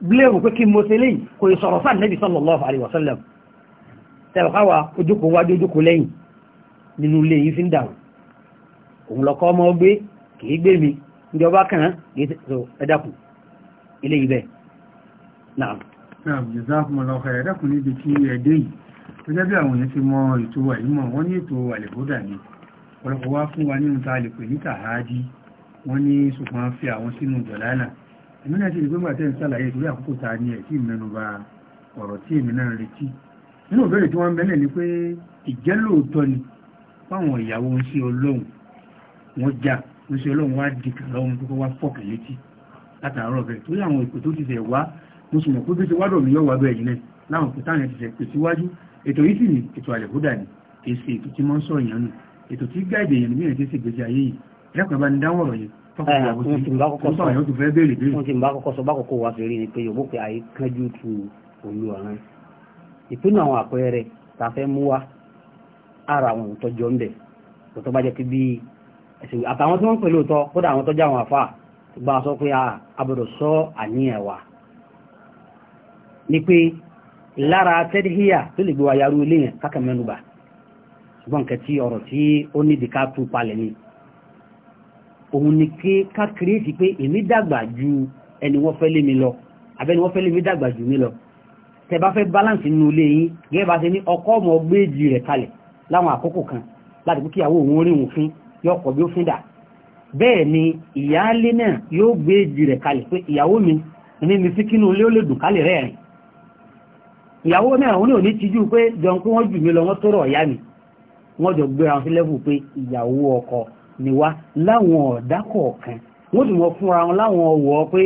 bléèrò pé kí mo ṣe lè kò ìsọ̀rọ̀ sáà nẹ́bí sallallahu alaihi wasallam tẹ́lọ̀káwà ojókòó wájú ojókòó lẹ́yìn nínú ilé yìí fi ń dàrú òun lọ́kọ́ ọmọ gbé kìí gbé mi ìjọba kan ẹ̀dàkùn ilé ibẹ̀ náà jazakumullahu khairan ẹ̀dàkùn níbi tí ẹ̀dẹ́ yìí tó jẹ́ bí àwọn èèyàn ti mọ ètò àìmọ̀ wọ́n ni ṣùgbọ́n fi àwọn sínú jọ̀lálà èmi náà ti rí pé màá tẹ́ ń sàlàyé torí àkókò ta ni ẹ̀ tí mẹ́nu bà ọ̀rọ̀ tí èmi náà retí nínú ìbéèrè tí wọ́n ń bẹ́lẹ̀ ni pé ìjẹ́ lóòótọ́ ni fáwọn ìyàwó ń ṣe ọlọ́run wọ́n já ń ṣe ọlọ́run wá dìkà lọ́wọ́ kókó wá fọ́ọ̀kì létí látàárọ̀ bẹ́ẹ̀ torí àwọn ètò tó ti fẹ́ wá mo sì mọ̀ pé bí ti wádọ̀ mi yọ̀wá bẹ́ẹ̀ yìí náà láwọn ètò táwọn ti fẹ́ pè síwájú ètò yìí sì ni ètò àlẹ́kódà ni kì í ṣe ètò tí mọ́ ń sọ ìyẹn ètò tí gáìdì èèyàn nígbìyànjú sì gbèsè ayé yìí ẹ̀rọ bá ní dáwọ̀ ọ̀rọ̀ wọ́n ti bá kọ́kọ́ sọ bá kọ́kọ́ wá fèrè ni pé yòówó pé àyè kánjú tu olú ọ̀ràn ìpinnu àwọn àpẹẹrẹ ta fẹ́ mú wá ara àwọn òtọ́jọ́ ń bẹ̀ kò tó bá jẹ́ pé bí ẹ̀sìn àtàwọn tí wọ́n ń pè lóòótọ́ kódà àwọn tọ́jú àwọn àfà gba sọ pé a sọ àníyàn wa ni pé lára tẹ́díhíyà tó lè gbé wa yarú ilé yẹn kákẹ́ mẹ́nuba ṣùgbọ́n nǹkan ọ̀rọ̀ tí ó nídìí ká tú palẹ̀ ni òun ni kí kákìrìsì pé èmi dàgbà ju ẹni wọ́n fẹ́ lé mi lọ àbẹ́ni wọ́n fẹ́ lé mi dàgbà ju mi lọ tẹ bá fẹ́ balance nínú ilé yín gẹ́gẹ́ bá ṣe ní ọkọ ọmọ gbéjì rẹ̀ kalẹ̀ láwọn àkókò kan láti pé kíyàwó òun rí òun fín yọkọ̀ bí ó fín dà bẹ́ẹ̀ ni ìyáálé náà yóò gbéjì rẹ̀ kalẹ̀ pé ìyàwó mi ní mi sí kínú ilé ó lè dùn kálẹ̀ rẹ̀ ìyàwó náà òun ò ní tijú pé jọun pé jù mí lọ wọ́n tó rọ̀ ọ̀yá mi wọ́n jọ gbéra wọn sí lẹ́fù pé ìyàwó ọkọ níwá láwọn ọ̀dá kọ̀ọ̀kan wọ́n sì mọ̀ fúnra wọn láwọn ọ̀wọ̀ pé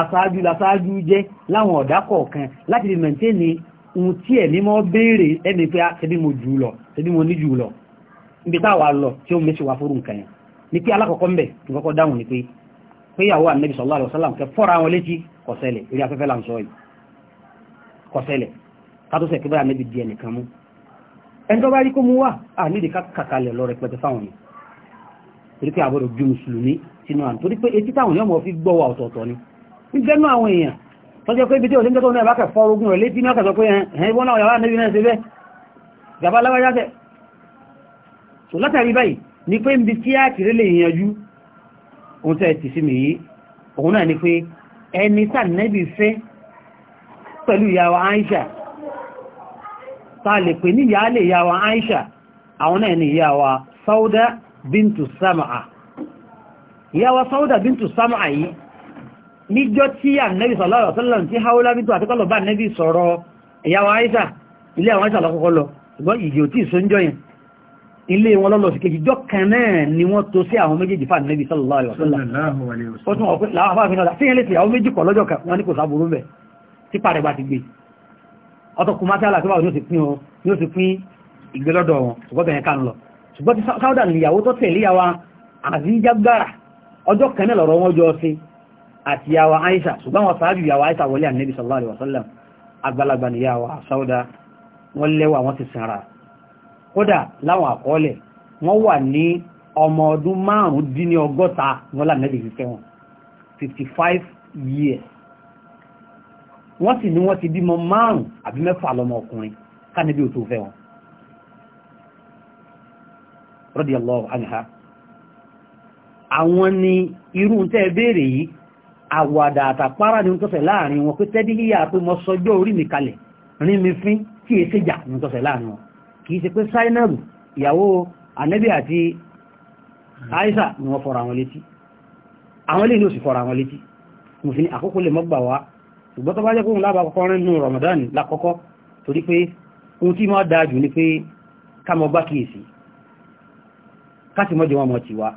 aṣáájú laṣáájú jẹ́ láwọn ọ̀dá kọ̀ọ̀kan láti lè mẹ̀ntẹ́ni ohun tí ẹ̀mí mọ́ béèrè ẹni pé ah, ṣebí mo jù lọ ṣebí mo ní jù lọ níbi táwa lọ tí ó mẹ́sì wá fórú nǹkan yẹn ni pé alákọ̀ọ́kọ́ mbẹ̀ tí kọ́kọ́ dáhùn ni pé péyàwó ànẹ́bí sallallahu alaihi wasallam kẹ fọ́ra wọn létí kọ̀sẹ̀lẹ̀ eré afẹ́fẹ́ là ń sọ yìí kọ̀sẹ̀lẹ̀ kátó sẹ̀ kí bá ànẹ́bí di ẹnìkan mú ẹni tó bá rí kó mú wà á nídìí ká kàkalẹ̀ lọ rẹpẹtẹ fáwọn yìí torí pé àbọ̀dọ̀ ju mùsùlùmí sínú àná torí pé etí táwọn èèyàn mọ̀ fi gbọ́ wa ọ̀tọ̀ọ̀tọ̀ ni nígbẹ́nu àwọn èèyàn tọ́jọ́ pé ibi tí òṣèǹtẹ́ tó ní ẹ̀bá kẹfọ́ ogun rẹ̀ létí náà kẹsọ̀ pé ẹ̀hẹ́ ìwọ́n náà yàrá níbi náà ṣe bẹ́ẹ̀ ìjàmbá lágbájá ni pé ibi tí a kìrì Aisha ta lè pè ní Aisha àwọn ni ìyàwó Sauda bíntù sámàá ìyàwó sáwọ́dà bíntù sámàá yìí níjọ́ tí ànẹ́bì sọ̀lọ́rọ̀ sọ́lọ́ tí haúlá bíntù àtẹ́kọ́lọ̀ bá ànẹ́bì sọ̀rọ̀ ìyàwó àìsà ilé àwọn àìsà lọ́kọ́kọ́ lọ ṣùgbọ́n ìjì ò tí ì sóúnjọ́ yẹn ilé wọn lọ́lọ́ sí kejì jọ́ kan ni wọ́n tó sí àwọn méjèèjì fà nẹ́bì sọ́lọ́lọ́ àìwọ̀sọ́lá ó tún ọ̀pẹ́ làwọn afáàfin náà sí ẹlẹ́sì àwọn méjì kọ̀ lọ́jọ́ kan wọ́n ní kò sáburú bẹ̀ tí pàrẹ̀gbà ti gbé ọtọkùn mátàlá tó bá wọn ni ó sì ṣùgbọ́n ti sáúdà níyàwó tó tẹ̀lé yàwá àzíjágbára ọjọ́ kan náà lọ́rọ̀ wọn jọ sí àti yàwá Aisha ṣùgbọ́n wọn sáájú yàwá Aisha wọlé ànẹ́bí sallallahu alaihi wasallam àgbàlagbà níyàwó sáúdà wọ́n lẹ́wà wọ́n ti sanra kódà láwọn àkọọ́lẹ̀ wọ́n wà ní ọmọ ọdún márùn-ún dín ní ọgọ́ta wọ́n lànẹ́bí fífẹ́ wọn 55 years wọ́n sì ní wọ́n ti bímọ márùn-ún àbí mẹ́fà lọmọ ọkùnrin ká níbi òtò radiyallahu anha àwọn ni irú tẹ́ béèrè yìí àwàdà àtàpárá ni tó ṣe láàrin wọn pé tẹ́bí yíyà pé mọ́ sọjọ́ orí mi kalẹ̀ rí mi fín kí èsè jà ní tó ṣe láàrin wọn kìí ṣe pé sáínàlù ìyàwó anẹ́bí àti aisha ni wọ́n fọ́ra wọn létí àwọn ilé ìlú sì fọ́ra wọn létí mo fi ní àkókò lè mọ́gbà wá káti mọ́jọ wọn mọ̀ tí wá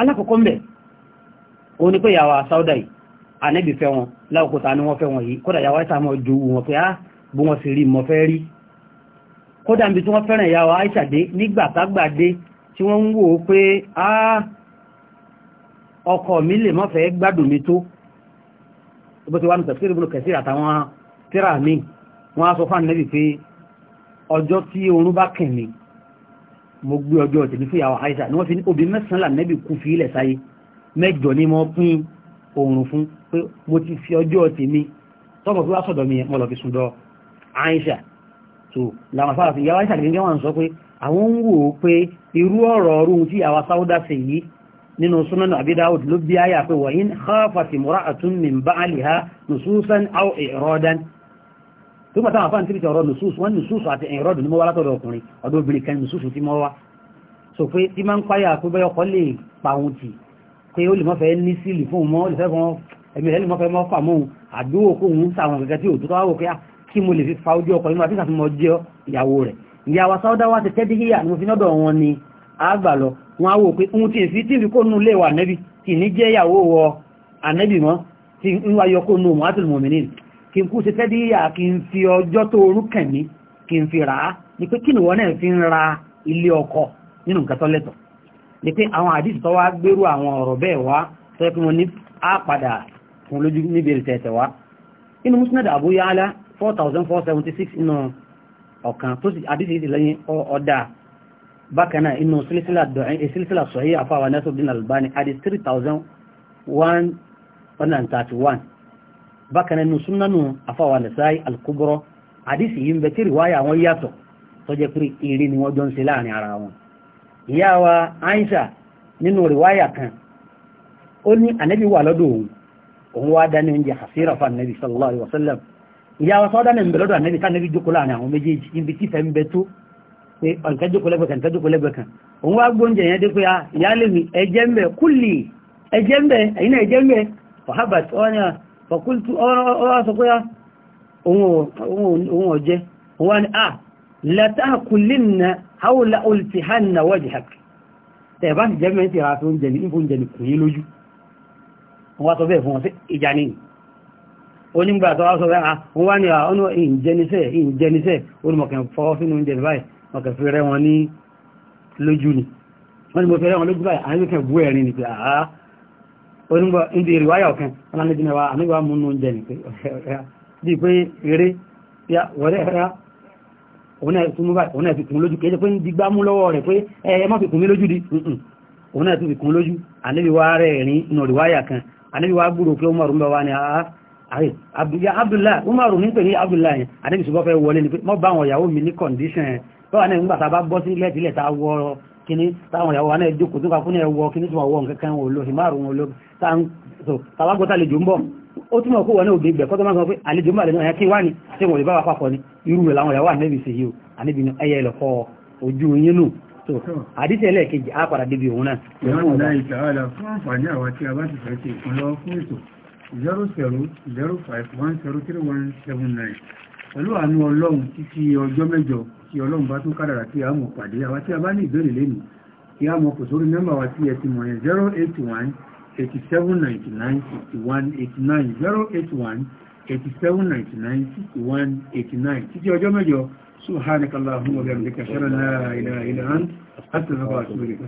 alákọ̀ọ́kọ́ mẹ́ o ní pé yàwó sáúdà yìí anẹ́bì fẹ́ wọn láòkúta ní wọ́n fẹ́ wọn yìí kódà yàwó Àìṣà mọ́ jù wọn pé á ah, bú wọn sì rí mọ́ fẹ́ rí kódà níbi tí wọ́n fẹ́ràn yàwó Àìṣà dé nígbàtàgbàdé tí wọ́n ń wò pé á ah, ọkọ mi lè mọ́ gbádùn mi tó bó ti wá ní tẹ̀síkì ìbùnú kẹsí àtàwọn tíra mi wọ́n á sọ fún anẹ́bì pé ọjọ́ tí oorun bá kẹ̀ mo gbé ọjọ́ tèmi fún ìyàwó àìsà ni wọ́n fi ní obìnrin mẹ́sàn-án lànẹ́bì kú fi ilẹ̀ sáyé mẹ́jọ ni mo pín oòrùn fún pé mo ti fi ọjọ́ tèmi tọ́mọ̀ fún wásọ̀dọ̀ mi mo lọ fi sùn dọ àìsà tó làwọn afárá ìyàwó àìsà gẹ́gẹ́ wọn sọ pé àwọn ń wò ó pé irú ọ̀rọ̀ ọ̀run tí ìyàwó sáúdà sì yí nínú súnánà àbídáwòd ló bí áyà pé wọ̀nyí ń tó gbà táwọn afáàn tìrìtì ọ̀rọ̀ nùsùsù wọ́n nùsùsù àti ẹ̀rọ̀dù ní mọ́wá látọ̀dọ̀ ọkùnrin ọ̀dọ̀ obìnrin kan nùsùsù ti mọ́wá so pé tí máa ń páyà pé bẹ́ẹ̀ ọkọ lè pa òun tì pé ó lè mọ́fẹ́ ní sílì fún mọ́ lè fẹ́fọ́n ẹ̀mí rẹ̀ lè mọ́fẹ́ mọ́ fà mọ́ àdúgbò kó òun sàwọn gẹ́gẹ́ tí òtútọ́ wá wò pé ah, kí mo lè fi fa wa sáwọ́dá mo fi nọ́dọ̀ wọn ni kí n kú ṣe tẹ́ díyà kí n fi ọjọ́ tó orú kẹ̀mí kí n fi rà á ni pé kí ni wọ́n náà fi ń ra ilé ọkọ̀ nínú nǹkan tó lẹ́tọ̀ ni pé àwọn àdìsí tó wá gbérú àwọn ọ̀rọ̀ bẹ́ẹ̀ wá tó yẹ kí wọ́n ní á padà fún lójú níbi ìrìtẹ̀ẹ̀tẹ̀ wá inú musnad Abu Ya'la 4476 inú ọ̀kan tó sì àdìsí ìdí lẹ́yìn ọ̀dà bákan náà inú sílísílà eh, sọ̀hí àfáwà Nasruddin Albani àdìsí bákanáà nínú súnánù afáwà nìsáì alkúbọ́rọ́ àdìsí yìí ń bẹ tí rìwáyà wọn yàtọ̀ tó jẹ́ pé eré ni wọ́n jọ ń ṣe láàrin ara wọn ìyá wa Aisha nínú rìwáyà kan ó ní ànábì wà lọ́dọ̀ òun òun wá dání oúnjẹ àṣírà fún ànábì sallallahu alaihi wasallam ìyá wa sọ́dá ní ìbẹ̀lọ́dọ̀ ànábì tánàbí jókòó láàrin àwọn méjèèjì ibi tí fẹ́ ń bẹ tó pé ọ̀nkẹ́ jókòó lẹ́gbẹ̀ẹ́ kan òun wá gbóúnjẹ yẹn dé pé ah, ìyá lèmi ẹjẹ́ ń bẹ kúlì ẹjẹ́ ń bẹ ẹ̀yin náà ẹjẹ́ ń bẹ fọ̀kúltù ọwọ́ sọ pé ohun ah, ọ̀jẹ́ ah, wọ́n ni a látàkùlìnà haúlá olùtìhánà wọ́jì hàkì tẹ̀bá ti jẹ́mẹ́ ti ra fi oúnjẹ ní oúnjẹ ní kùnyí lójú wọ́n sọ bẹ́ẹ̀ fún ọ̀sẹ̀ ìjà ní onígbà tó wá sọ bẹ́ẹ̀ wọ́n ah, wá ní ọ̀nà ìjẹnisẹ́ ìjẹnisẹ́ olùmọ̀kẹ̀ fọwọ́ sínú oúnjẹ báyìí mọ̀kẹ̀ fi rẹ́ wọn onígbà níbi ìrìwáyà ọ̀kan alámẹ́bí náà àmìgbà múnú oúnjẹ ní pé bí pé eré wọlé ẹ̀rá òun náà tún múbà òun náà fi kún lójú kéjẹ pé ń digbá mú lọ́wọ́ rẹ̀ pé ẹ má fi kún mí lójú di òun náà tún fi kún lójú ànábì wa rẹ̀ rìn nù ìrìwáyà kan ànábì wa gbúrò pé Umaru ń bẹ wa ni Abdullahi Umaru ní pè ní Abdullahi yẹn ànábì ṣùgbọ́n fẹ́ wọlé ni pé mọ́ bá àwọn ìyàwó mi ní condition ẹ̀ tọ́wà náà nígbà tá a bá bọ́ sí ilẹ̀ tí ilẹ̀ tá a wọ́ kíní táwọn ìyàwó wa náà jókòó tó kà fún ẹ̀ tàbágbọ́ta lè jò ń bọ̀ ó túnmọ̀ kó wọ́n ní òbí ìgbẹ̀ kọ́ tó máa sọ pé àlejò ń bà lẹ́nu ẹ̀yà kí wá ní tí wọ́n lè bá wà papọ̀ ní irú rẹ̀ láwọn ìyàwó ànẹ́bì sí yìí ànẹ́bì ẹyẹ ìlọ̀kọ́ ojú yín nù tó àdíṣẹ́ ẹlẹ́ẹ̀kejì á padà débi òun náà. ìyàwó náà ìtàhálà fún àǹfààní àwa tí a bá ti fẹ́ ṣe ìpínlọ́ fún ètò 07051033179 pẹ̀lú àánú ọlọ́run títí ọjọ́ mẹ́jọ tí ọlọ́run bá tún kádàrà tí a mọ̀ pàdé àwa tí a bá ní ìbéèrè lẹ́nu tí a mọ̀ kò sórí wa tí ẹ ti mọ̀ yẹn 081 8799 6189 títí ọjọ́ mẹ́jọ subhanakallahumma wa bihamdika ashhadu an la ilaha illa anta astaghfiruka wa atubu ilayk